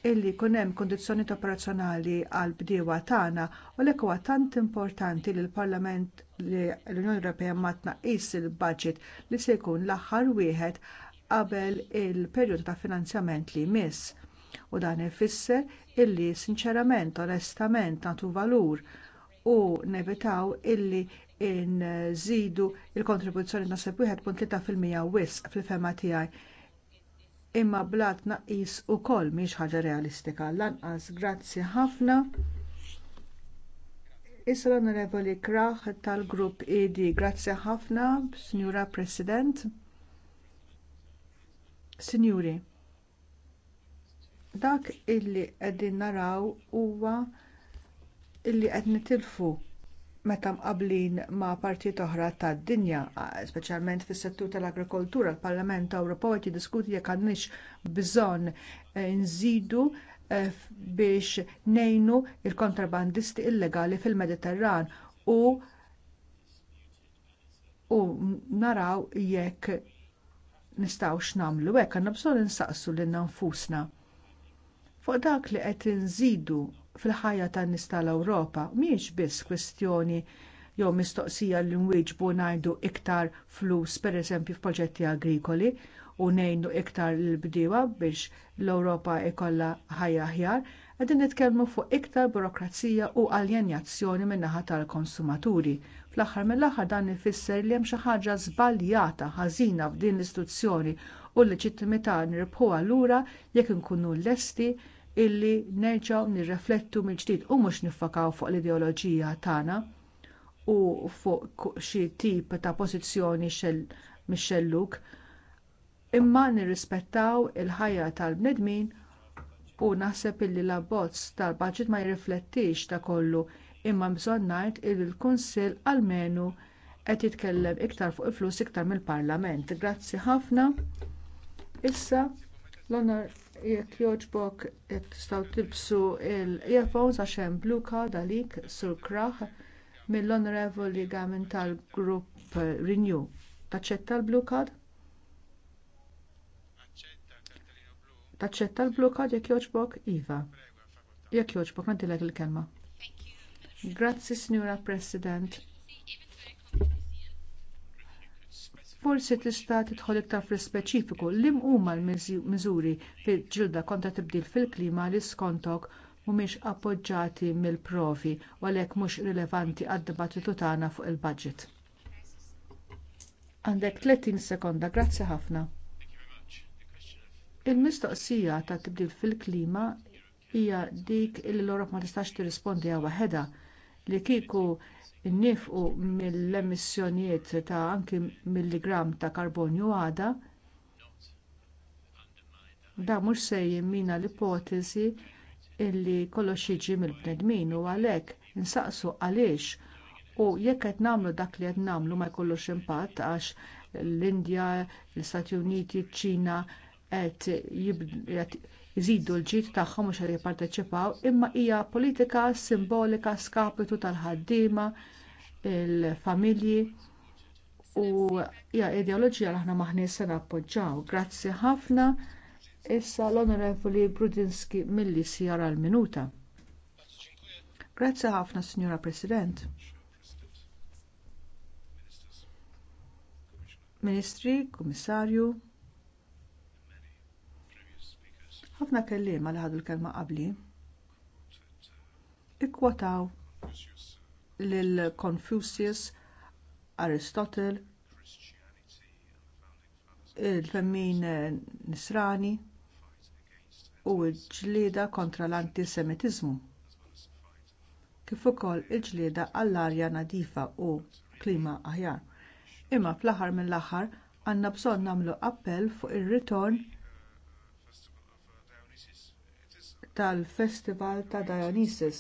illi jkun hemm kundizzjonijiet operazzjonali għall bdiewa tagħna u l huwa tant importanti li l-Parlament li l-Unjoni Ewropea ma tnaqqis il-budget li se jkun l-aħħar wieħed qabel il-perjodu ta' finanzjament li jmiss. U dan ifisser illi sinċerament, onestament nagħtu valur u nevitaw illi nżidu l kontribuzzjoni nasib 1.3% wisq fil-fema tiegħi imma blat tnaqqis ukoll mhix ħaġa realistika lanqas grazzi ħafna. Issa onorevoli Krah tal-Grupp ED, grazzi ħafna, Signora President. Signori, dak illi qegħdin naraw huwa illi qed nitilfu meta mqabblin ma' partijiet oħra tad-dinja, speċjalment fis-settur tal-agrikoltura, il-Parlament Ewropew qed jiddiskuti jekk għandniex bżonn eh, nżidu eh, biex ngħinu l kontrabandisti illegali fil-Mediterran u u naraw jekk nistgħux nagħmlu hekk għandna bżonn insaqsu lil nfusna. Fuq dak li qed inżidu fil-ħajja tan-nies tal-Ewropa mhijiex biss kwestjoni jew mistoqsija li nwieġbu ngħidu iktar flus pereżempju f'proġetti agrikoli u ngħinu iktar l-bdiewa biex l-Ewropa jkollha ħajja aħjar, qegħdin nitkellmu fuq iktar burokrazija u aljenjazzjoni min-naħa tal-konsumaturi. Fl-aħħar mill-aħħar dan ifisser li hemm xi ħaġa żbaljata ħażina f'din l-istituzzjoni u l-leġittimità nirbħuha lura jekk inkunu lesti illi nerġgħu nirreflettu mill-ġdid u mhux nifakaw fuq l-ideoloġija tagħna u fuq xi tip ta' pożizzjoni mixelluk. imma nirrispettaw il-ħajja tal-bnedmin u naħseb illi l-abbozz tal-baġit ma jirriflettix ta' kollu imma bżonn ngħid illi l-Kunsill almenu qed jitkellem iktar fuq il-flus iktar mill-Parlament. Grazzi ħafna. Issa l-onar Jekk jogħġbok jekk tistgħu tilbsu l-earphones għax hemm blue card għalik sur kraħ mill-Onorevoli Gamin tal-Grupp Renew. Taċċetta l-blue card? Taċċetta l-blue card jekk jogħġbok iva. Jekk jogħġbok nadilek il-kelma. Grazzi, Signora President forsi tista' tidħol iktar fl-ispeċifiku li huma l-miżuri fil-ġilda kontra tibdil fil-klima li skontok mhumiex appoġġjati mill-provi u għalhekk mhux rilevanti għad-dibattitu tagħna fuq il-budget. Għandek 30 sekonda, grazzi ħafna. Il-mistoqsija ta' tibdil fil-klima hija dik il l ma tistax tirrispondi għal waħedha li kieku nifqu mill-emissjonijiet ta' anki milligramm ta' karbonju għada dan mhux se jimmina l-ipotesi li kollox jiġi mill-bnedmin u għalhekk insaqsu għaliex u jekk qed nagħmlu dak li qed nagħmlu ma jkollux impatt għax l-Indja, l-Istati Uniti, ċ-Ċina qed jżidu l-ġid tagħhom mhux qed jipparteċipaw imma hija politika simbolika skapitu tal-ħaddiema il-familji u hija ideoloġija li aħna maħniex se nappoġġaw. Grazzi ħafna issa l-Onorevoli Brudinski milli sijar għal minuta. Grazzi ħafna, Signora President. Ministri, Kummissarju, Ħafna kelliema li ħadu l-kelma qabli ikkwotaw l Confucius, Aristotle, il-femmin nisrani u l-ġlieda kontra l-antisemitiżmu kif ukoll il-ġlieda għall-arja nadifa u klima aħjar. Imma fl-aħħar mill-aħħar għandna bżonn nagħmlu appell fuq ir-ritorn tal-Festival ta' Dionysus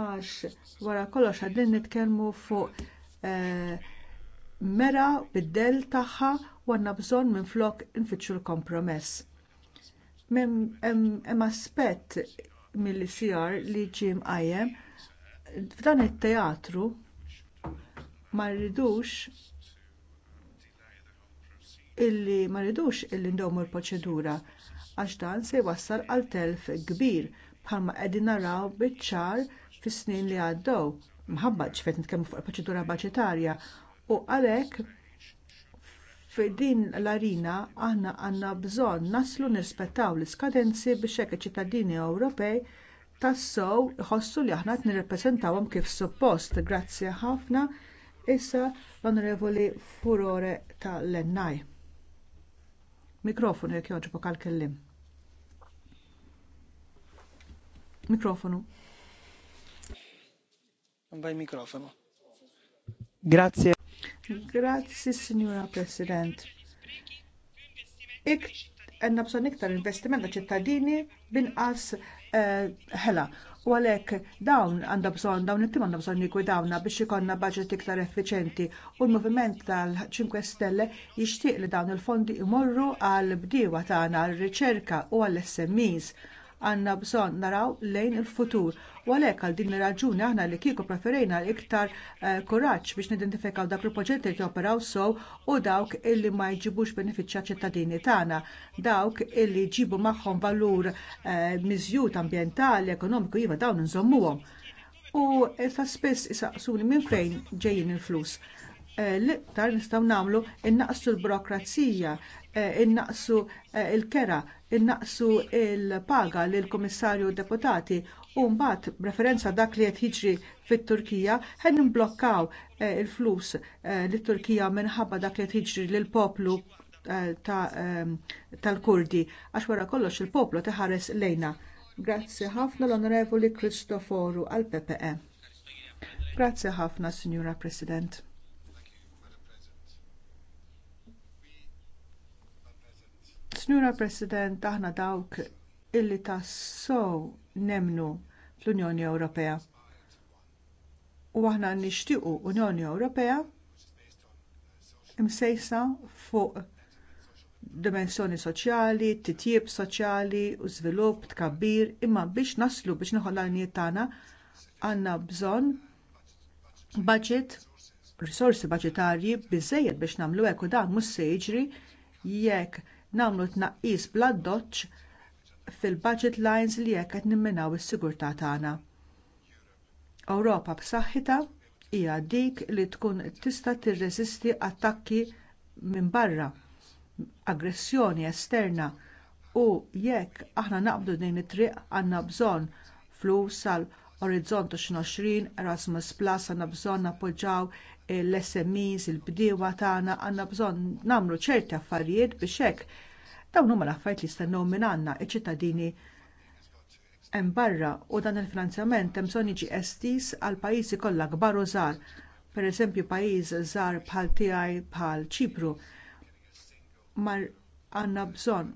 għax wara kollox għaddin nitkellmu fuq eh, mera bid-del tagħha u għandna bżonn minflok nfittxu l-kompromess. Hemm aspett mill-xiar li ġie mqajjem f'dan it-teatru ma rridux illi ma rridux illi ndomu l-proċedura għax dan se jwassal għal telf kbir bħalma qegħdin naraw biċ-ċar fis-snin li għaddew mħabba ċfet nitkellmu fuq il-proċedura baċitarja. u għalhekk f'din l-arina aħna għandna bżonn naslu nirrispettaw l-iskadenzi biex hekk iċ-ċittadini Ewropej tassew iħossu li aħna qed nirrappreżentawhom kif suppost. Grazzi ħafna issa l-Onorevoli Furore tal-Lennaj. Mikrofon jek joġbok għal-kellim. Mikrofonu. Mbaj mikrofonu. Grazie. Grazzi, Signora President. Ik għanna bżon iktar investiment da ċittadini binqas eh, ħela. U għalhekk dawn għandha bżonn dawn it-tim bżon nikwi dawna biex ikollna budget iktar effiċenti u l movement tal-5 Stelle jixtieq li dawn il-fondi imorru għal bdiewa tagħna għal riċerka u għall SMEs għandna bżonn naraw lejn il-futur. U għalhekk għal din ir raġuni aħna li kieku preferejna iktar eh, kuraġġ biex nidentifikaw dak il-proġetti li joperaw sew u dawk illi ma jġibux benefiċċja ċittadini tagħna, dawk illi jġibu magħhom valur eh, miżjud ambjentali, ekonomiku iva dawn nżommuhom. U ta' spess isaqsuni minn fejn ġejjin il-flus eh, l-iktar nistgħu nagħmlu innaqsu l-burokrazija, innaqsu l-kera innaqsu l paga lill komissarju deputati u mbagħad b'referenza dak li qed jiġri fit-Turkija ħen imblokkaw eh, il-flus eh, lit turkija minħabba dak li qed jiġri lill poplu eh, ehm, tal-Kurdi għax wara kollox il-poplu teħares lejna. Grazzi ħafna l-Onorevoli Kristoforu għall ppe Grazzi ħafna, Signora President. Snura President, aħna dawk illi tassow nemnu fl-Unjoni Ewropea. U aħna nixtiequ Unjoni Ewropea imsejsa fuq dimensjoni soċjali, titjib soċjali u żvilupp tkabbir, imma biex naslu biex l tagħna għandna bżonn budget, risorsi budgetarji biżżejjed biex nagħmlu hekk u dan mhux se jiġri jekk nagħmlu tnaqqis bla doċċ fil-budget lines li jekk qed nimminaw is-sigurtà tagħna. Ewropa b'saħħitha hija dik li tkun tista' tirreżisti attakki minn barra, aggressjoni esterna u jekk aħna naqbdu din it-triq għandna bżonn flus għal Orizzont 2020, Erasmus Plus għandna bżonn appoġġjaw l-SMEs, il-bdiewa tagħna għandna bżonn nagħmlu ċerti affarijiet biex hekk dawn huma l-affarijiet li jistennew minn għandna iċ-ċittadini hemm barra u dan il-finanzjament hemm bżonn jiġi estis għal pajjiżi kollha kbar u żgħar. Pereżempju pajjiż żgħar bħal tiegħi bħal Ċipru. Mar għandna bżonn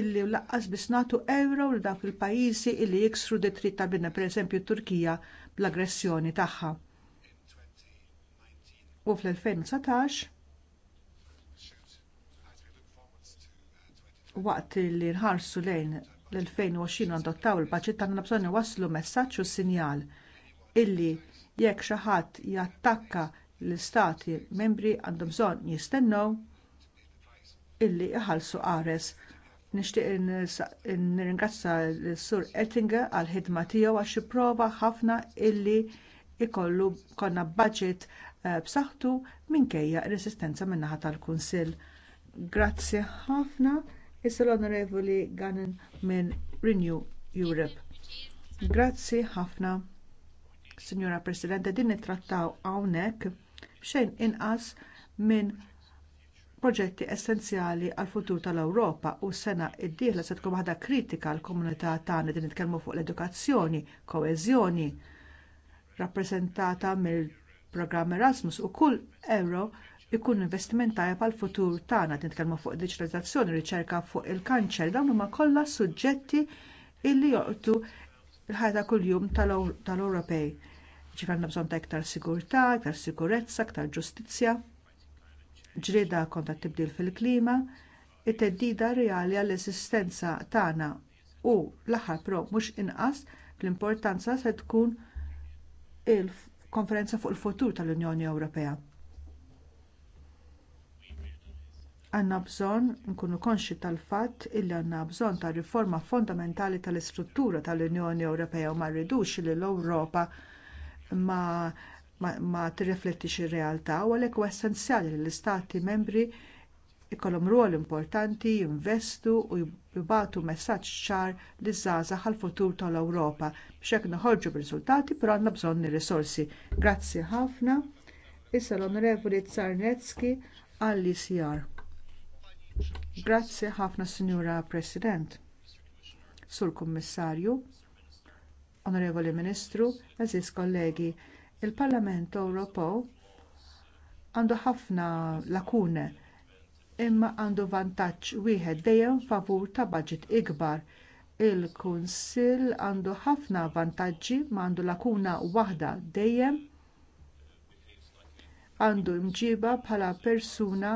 illi laqqas biss nagħtu ewro l dawk il-pajjiżi li jiksru detritt tal-bidna, pereżempju t Turkija bl-aggressjoni tagħha u fl-2019 waqt li nħarsu lejn l-2020 adottaw il-baġit għandna bżonn waslu messaġġ u sinjal illi jekk xi ħadd jattakka l-istati membri għandhom bżonn jistennew illi iħallsu qares. Nixtieq nirringrazza l-Sur Ettinger għall ħidma tiegħu għax prova ħafna illi ikollu konna budget Eh, b'saħħtu minkejja r resistenza min-naħa tal-Kunsill. Grazzi ħafna is l-Onorevoli Gannon minn Renew Europe. Grazzi ħafna, Signora Presidente, din nittrattaw hawnhekk xejn inqas minn proġetti essenzjali għall futur tal-Ewropa u s-sena d-dieħla se tkun waħda kritika għall komunità tagħna din nitkellmu fuq l-edukazzjoni, koeżjoni, rappreżentata mill Programm Erasmus u kull euro ikun investiment tajjeb għal futur tagħna nitkellmu fuq digitalizzazzjoni, riċerka fuq il-kanċer, dawn huma kollha suġġetti illi joqtu l-ħajta kuljum tal-Ewropej. Ġifir bżonn ta' iktar sigurtà, iktar sikurezza, iktar ġustizzja, ġrieda kontra tibdil fil-klima, it-teddida reali għall-esistenza tagħna u l-aħħar pro mhux inqas fl-importanza se tkun il konferenza fuq il-futur tal-Unjoni Ewropea. Għandna bżonn nkunu konxi tal-fatt illi għandna bżonn ta' riforma fondamentali tal-istruttura tal-Unjoni Ewropea u ma rridux li l-Ewropa ma, ma, ma tirriflettix ir-realtà u għalhekk huwa essenzjali li l-istati membri ikollhom rol importanti, jinvestu u jibatu messaġġ ċar li żgħażagħ għall futur tal-Ewropa biex hekk noħorġu b'riżultati però għandna bżonn ir-risorsi. Grazzi ħafna. Issa l-Onorevoli Tsarnecki għall-ICR. Grazzi ħafna Sinjura President. Sur Kummissarju, Onorevoli Ministru, Aziz kollegi, il-Parlament Ewropew għandu ħafna lakune imma għandu vantaġġ wieħed dejjem favur ta' baġit ikbar. Il-Kunsill għandu ħafna vantaġġi ma għandu lakuna waħda dejjem għandu mġiba bħala persuna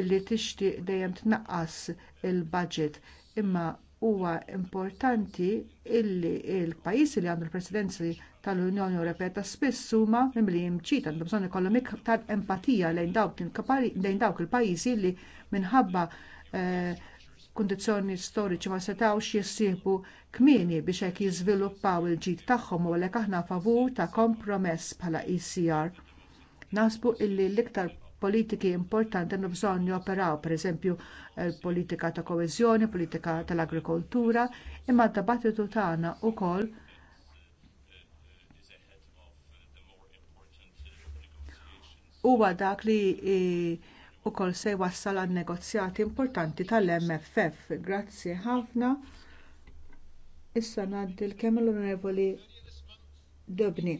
illi tixtieq dejjem tnaqqas il-budget imma huwa importanti illi l il pajjiżi li għandu l-presidenzi tal-Unjoni Ewropea ta' spiss huma mimlijin mċita għandhom bżonn ikollhom iktar empatija lejn dawk il-pajjiżi li minħabba eh, kundizzjoni storiċi ma setgħux jissieħbu kmieni biex hekk jiżviluppaw il-ġid tagħhom u għalhekk aħna favur ta' kompromess bħala ECR. Nasbu illi l-iktar politiki importanti għandhom bżonn joperaw, pereżempju politika ta' koeżjoni, politika tal-agrikoltura, imma d-dibattitu tagħna wkoll huwa dak li wkoll e, se jwassal għan negozjati importanti tal-MFF. Grazzi ħafna. Issa ngħaddi l-kemm l-Onorevoli Dubni.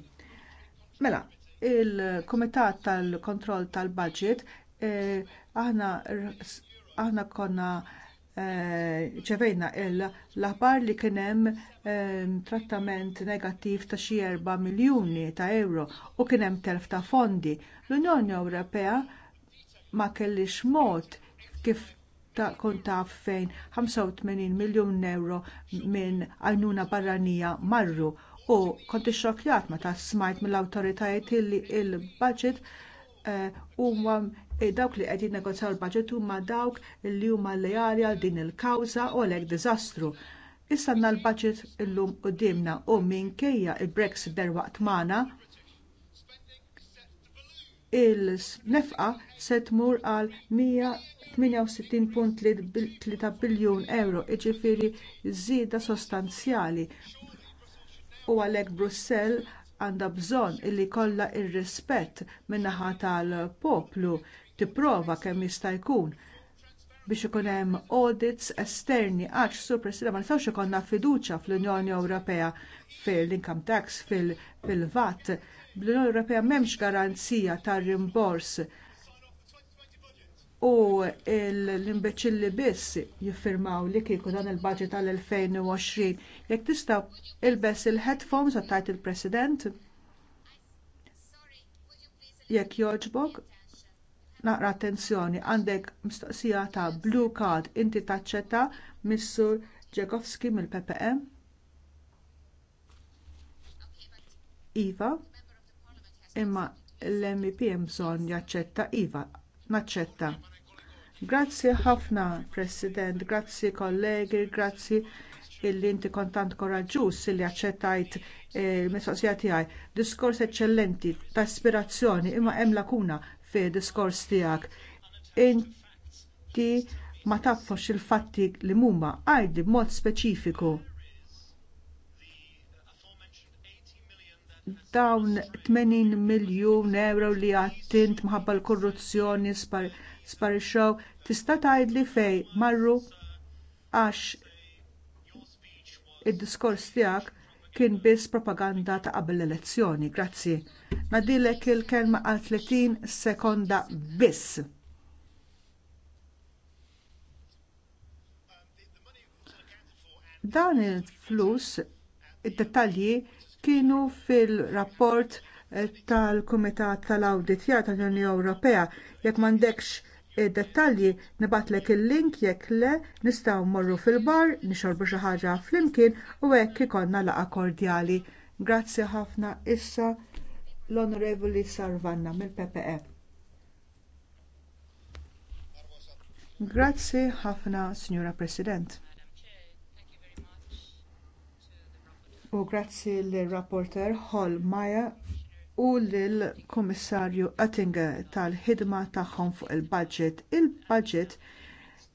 Mela, il-Kumitat tal-Kontroll tal-Budget eh, aħna aħna konna ċevejna l-aħbar li kien hemm ehm, trattament negattiv ta' xi 4 miljuni ta' euro u kien hemm telf ta' fondi. L-Unjoni Ewropea ma kellix mod kif ta' kontaf fejn 85 miljun euro minn għajnuna barranija marru u konti xokjat ta' smajt mill autoritajiet li l budget u uh, eh, E dawk li qed jinnegozjaw il-baġit huma dawk li huma lejali għal din il-kawża u għalhekk diżastru. Issa għandna l budget illum qudiemna u minkejja il brexit derwaqt magħna il-nefqa se tmur għal 168.3 biljun euro, jiġifieri zida sostanzjali. U għalhekk Brussell għandha bżonn illi jkollha r-rispett min-naħa tal-poplu tipprova kemm jista' jkun biex ikun hemm audits esterni għax sur President ma nistgħux ikollna fiduċja fl-Unjoni Ewropea fil-income tax fil-VAT. l unjoni Ewropea m'hemmx garanzija tar rimbors u l-imbeċilli biss jiffirmaw li kieku dan il-budget tal-2020. Jekk tista' ilbes il-headphones għat-tajt il-President, jekk jogħġbok naqra attenzjoni għandek mistoqsija ta' blue card inti taċċetta missur Ġekowski mill-PPM. E? Iva, imma l-MEP bżonn jaċċetta Iva, naċċetta. Grazzi ħafna, President, grazzi kollegi, grazzi illi inti kontant koraġġuż illi aċċettajt il-mistoqsija eh, tiegħi. Diskors eċċellenti, ta' ispirazzjoni, imma hemm lakuna fi diskors tiegħek. Inti ma tafx il-fatti li huma għajdi b'mod speċifiku. Dawn 80 miljun euro li għattint minħabba l-korruzzjoni sparixxew tista' tgħidli fejn marru għax id-diskors tiegħek kien biss propaganda ta' qabel l-elezzjoni. Grazzi. Nadilek il-kelma għal 30 sekonda biss. Dan il-flus, id-dettalji kienu fil-rapport eh, tal-Kumitat tal-Awditjar tal-Unjoni Ewropea jekk m'għandekx dettalji nibatlek il-link jekk le nistgħu mmorru fil-bar nixorbu xi ħaġa flimkien u hekk ikollna laqgħa kordjali. Grazzi ħafna issa l-Onorevoli Sarvanna mill-PPE. Grazzi ħafna, Signora President. U grazzi l-rapporter Hall Maja u lill-Kummissarju Oettinger tal-ħidma tagħhom fuq il-budget. Il-budget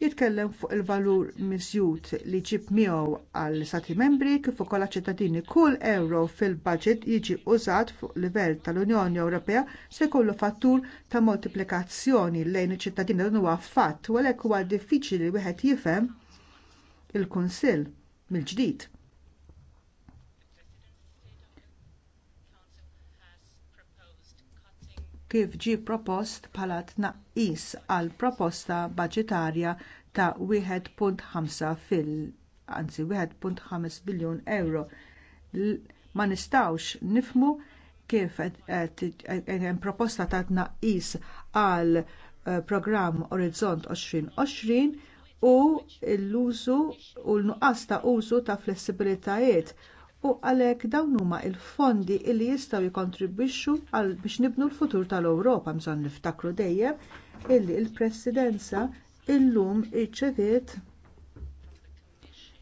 jitkellem fuq il-valur miżjud li ġib miegħu għall sati membri kif ukoll ċittadini kull euro fil-budget jiġi użat fuq livell tal-Unjoni Ewropea se jkollu fattur ta' moltiplikazzjoni lejn iċ-ċittadini dan huwa fatt u għalhekk huwa diffiċli wieħed jifhem il-Kunsill mill-ġdid. kif ġie propost bħala tnaqqis għal proposta baġitarja ta' 1.5 fil anzi 1.5 biljun euro. Ma nistgħux nifhmu kif hemm proposta ta' tnaqqis għal eh, programm Orizzont 2020 u l-użu u l-nuqqas ta' użu ta' flessibilitajiet u għalhekk dawn huma l fondi li jistgħu jikkontribwixxu biex nibnu l-futur tal-Ewropa bżonn niftakru dejjem illi l-Presidenza illum irċeviet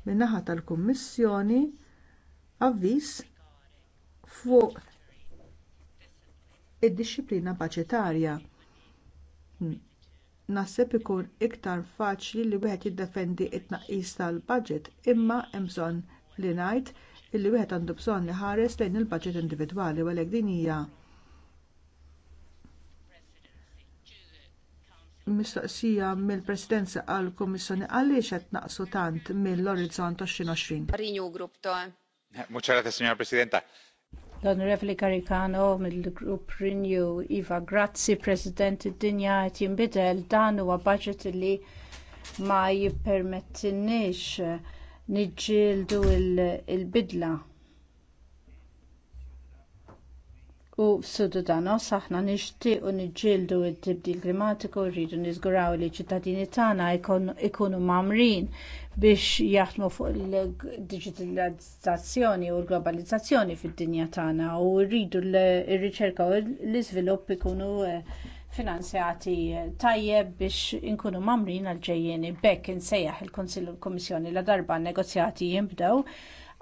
min-naħa tal-Kummissjoni avviż fuq id-dixxilpina baċitarja. Naħseb ikun iktar faċli li wieħed jiddefendi t tnaqqis tal-baġit imma hemm bżonn li ngħid illi wieħed għandu bżonn li ħares lejn il-budget individwali u għalhekk din hija mistoqsija mill-Presidenza għall kummissjoni għaliex qed naqsu tant mill-orizzont 2020. Rinju grupp Presidenta. L-Onorevoli Karikano mill-Grupp Renew, Iva, grazzi President id-dinja qed jinbidel dan huwa budget li ma jippermettinniex niġġieldu l-bidla u f'sududanos aħna nixtiequ niġġieldu t-tibdil klimatiku rridu niżguraw li ċittadini tagħna jkunu mamrin biex jaħdmu fuq il-diġitalizzazzjoni u l-globalizzazzjoni fid-dinja tagħna u rridu l-riċerka u l-iżvilupp ikunu uh, finanzjati tajjeb biex inkunu mamrin għal-ġejjeni bekk insejjaħ il-Konsillu l-Komissjoni la darba negozjati jimbdew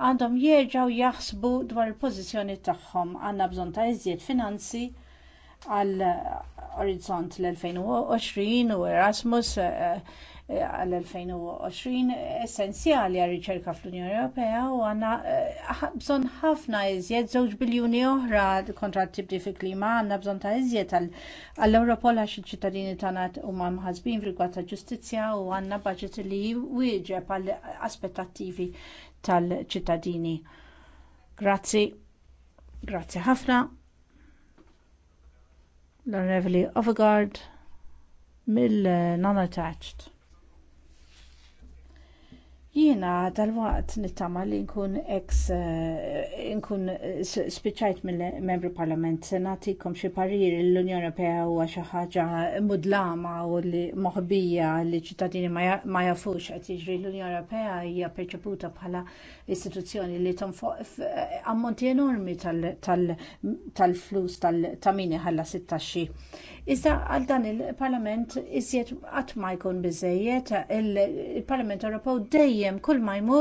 għandhom jerġgħu jaħsbu dwar il-pożizzjoni tagħhom għandna bżonn ta' iżjed finanzi għal orizzont l-2020 u Erasmus uh, għal-2020 essenzjali għar riċerka fl-Unjoni Ewropea u għandna eh, bżonn ħafna iżjed żewġ biljuni oħra kontra t-tibdi fil-klima għandna bżonn ta' iżjed għall-Europol għax iċ-ċittadini tagħna huma mħassbin fil-kwad ta' ġustizzja u għandna budget li wieġeb għall aspettattivi tal-ċittadini. Grazzi. Grazzi ħafna. L-Onorevoli Overgard mill-non-attached. Jiena dalwaqt nittama li nkun ex eh, nkun eh, spiċajt mill-membru parlament se nagħtikom xi parir l-Unjoni Ewropea huwa xi ħaġa mudlama u li moħbija li ċittadini ma jafux qed jiġri l-Unjoni Ewropea hija perċeputa bħala istituzzjoni li tonfoq eh, ammonti enormi tal-flus tal-tamini ħalla sittaxxi. Iżda għal dan il-Parlament iżjed qatt ma jkun bizzejiet, il-Parlament Ewropew dejjem kull ma jmur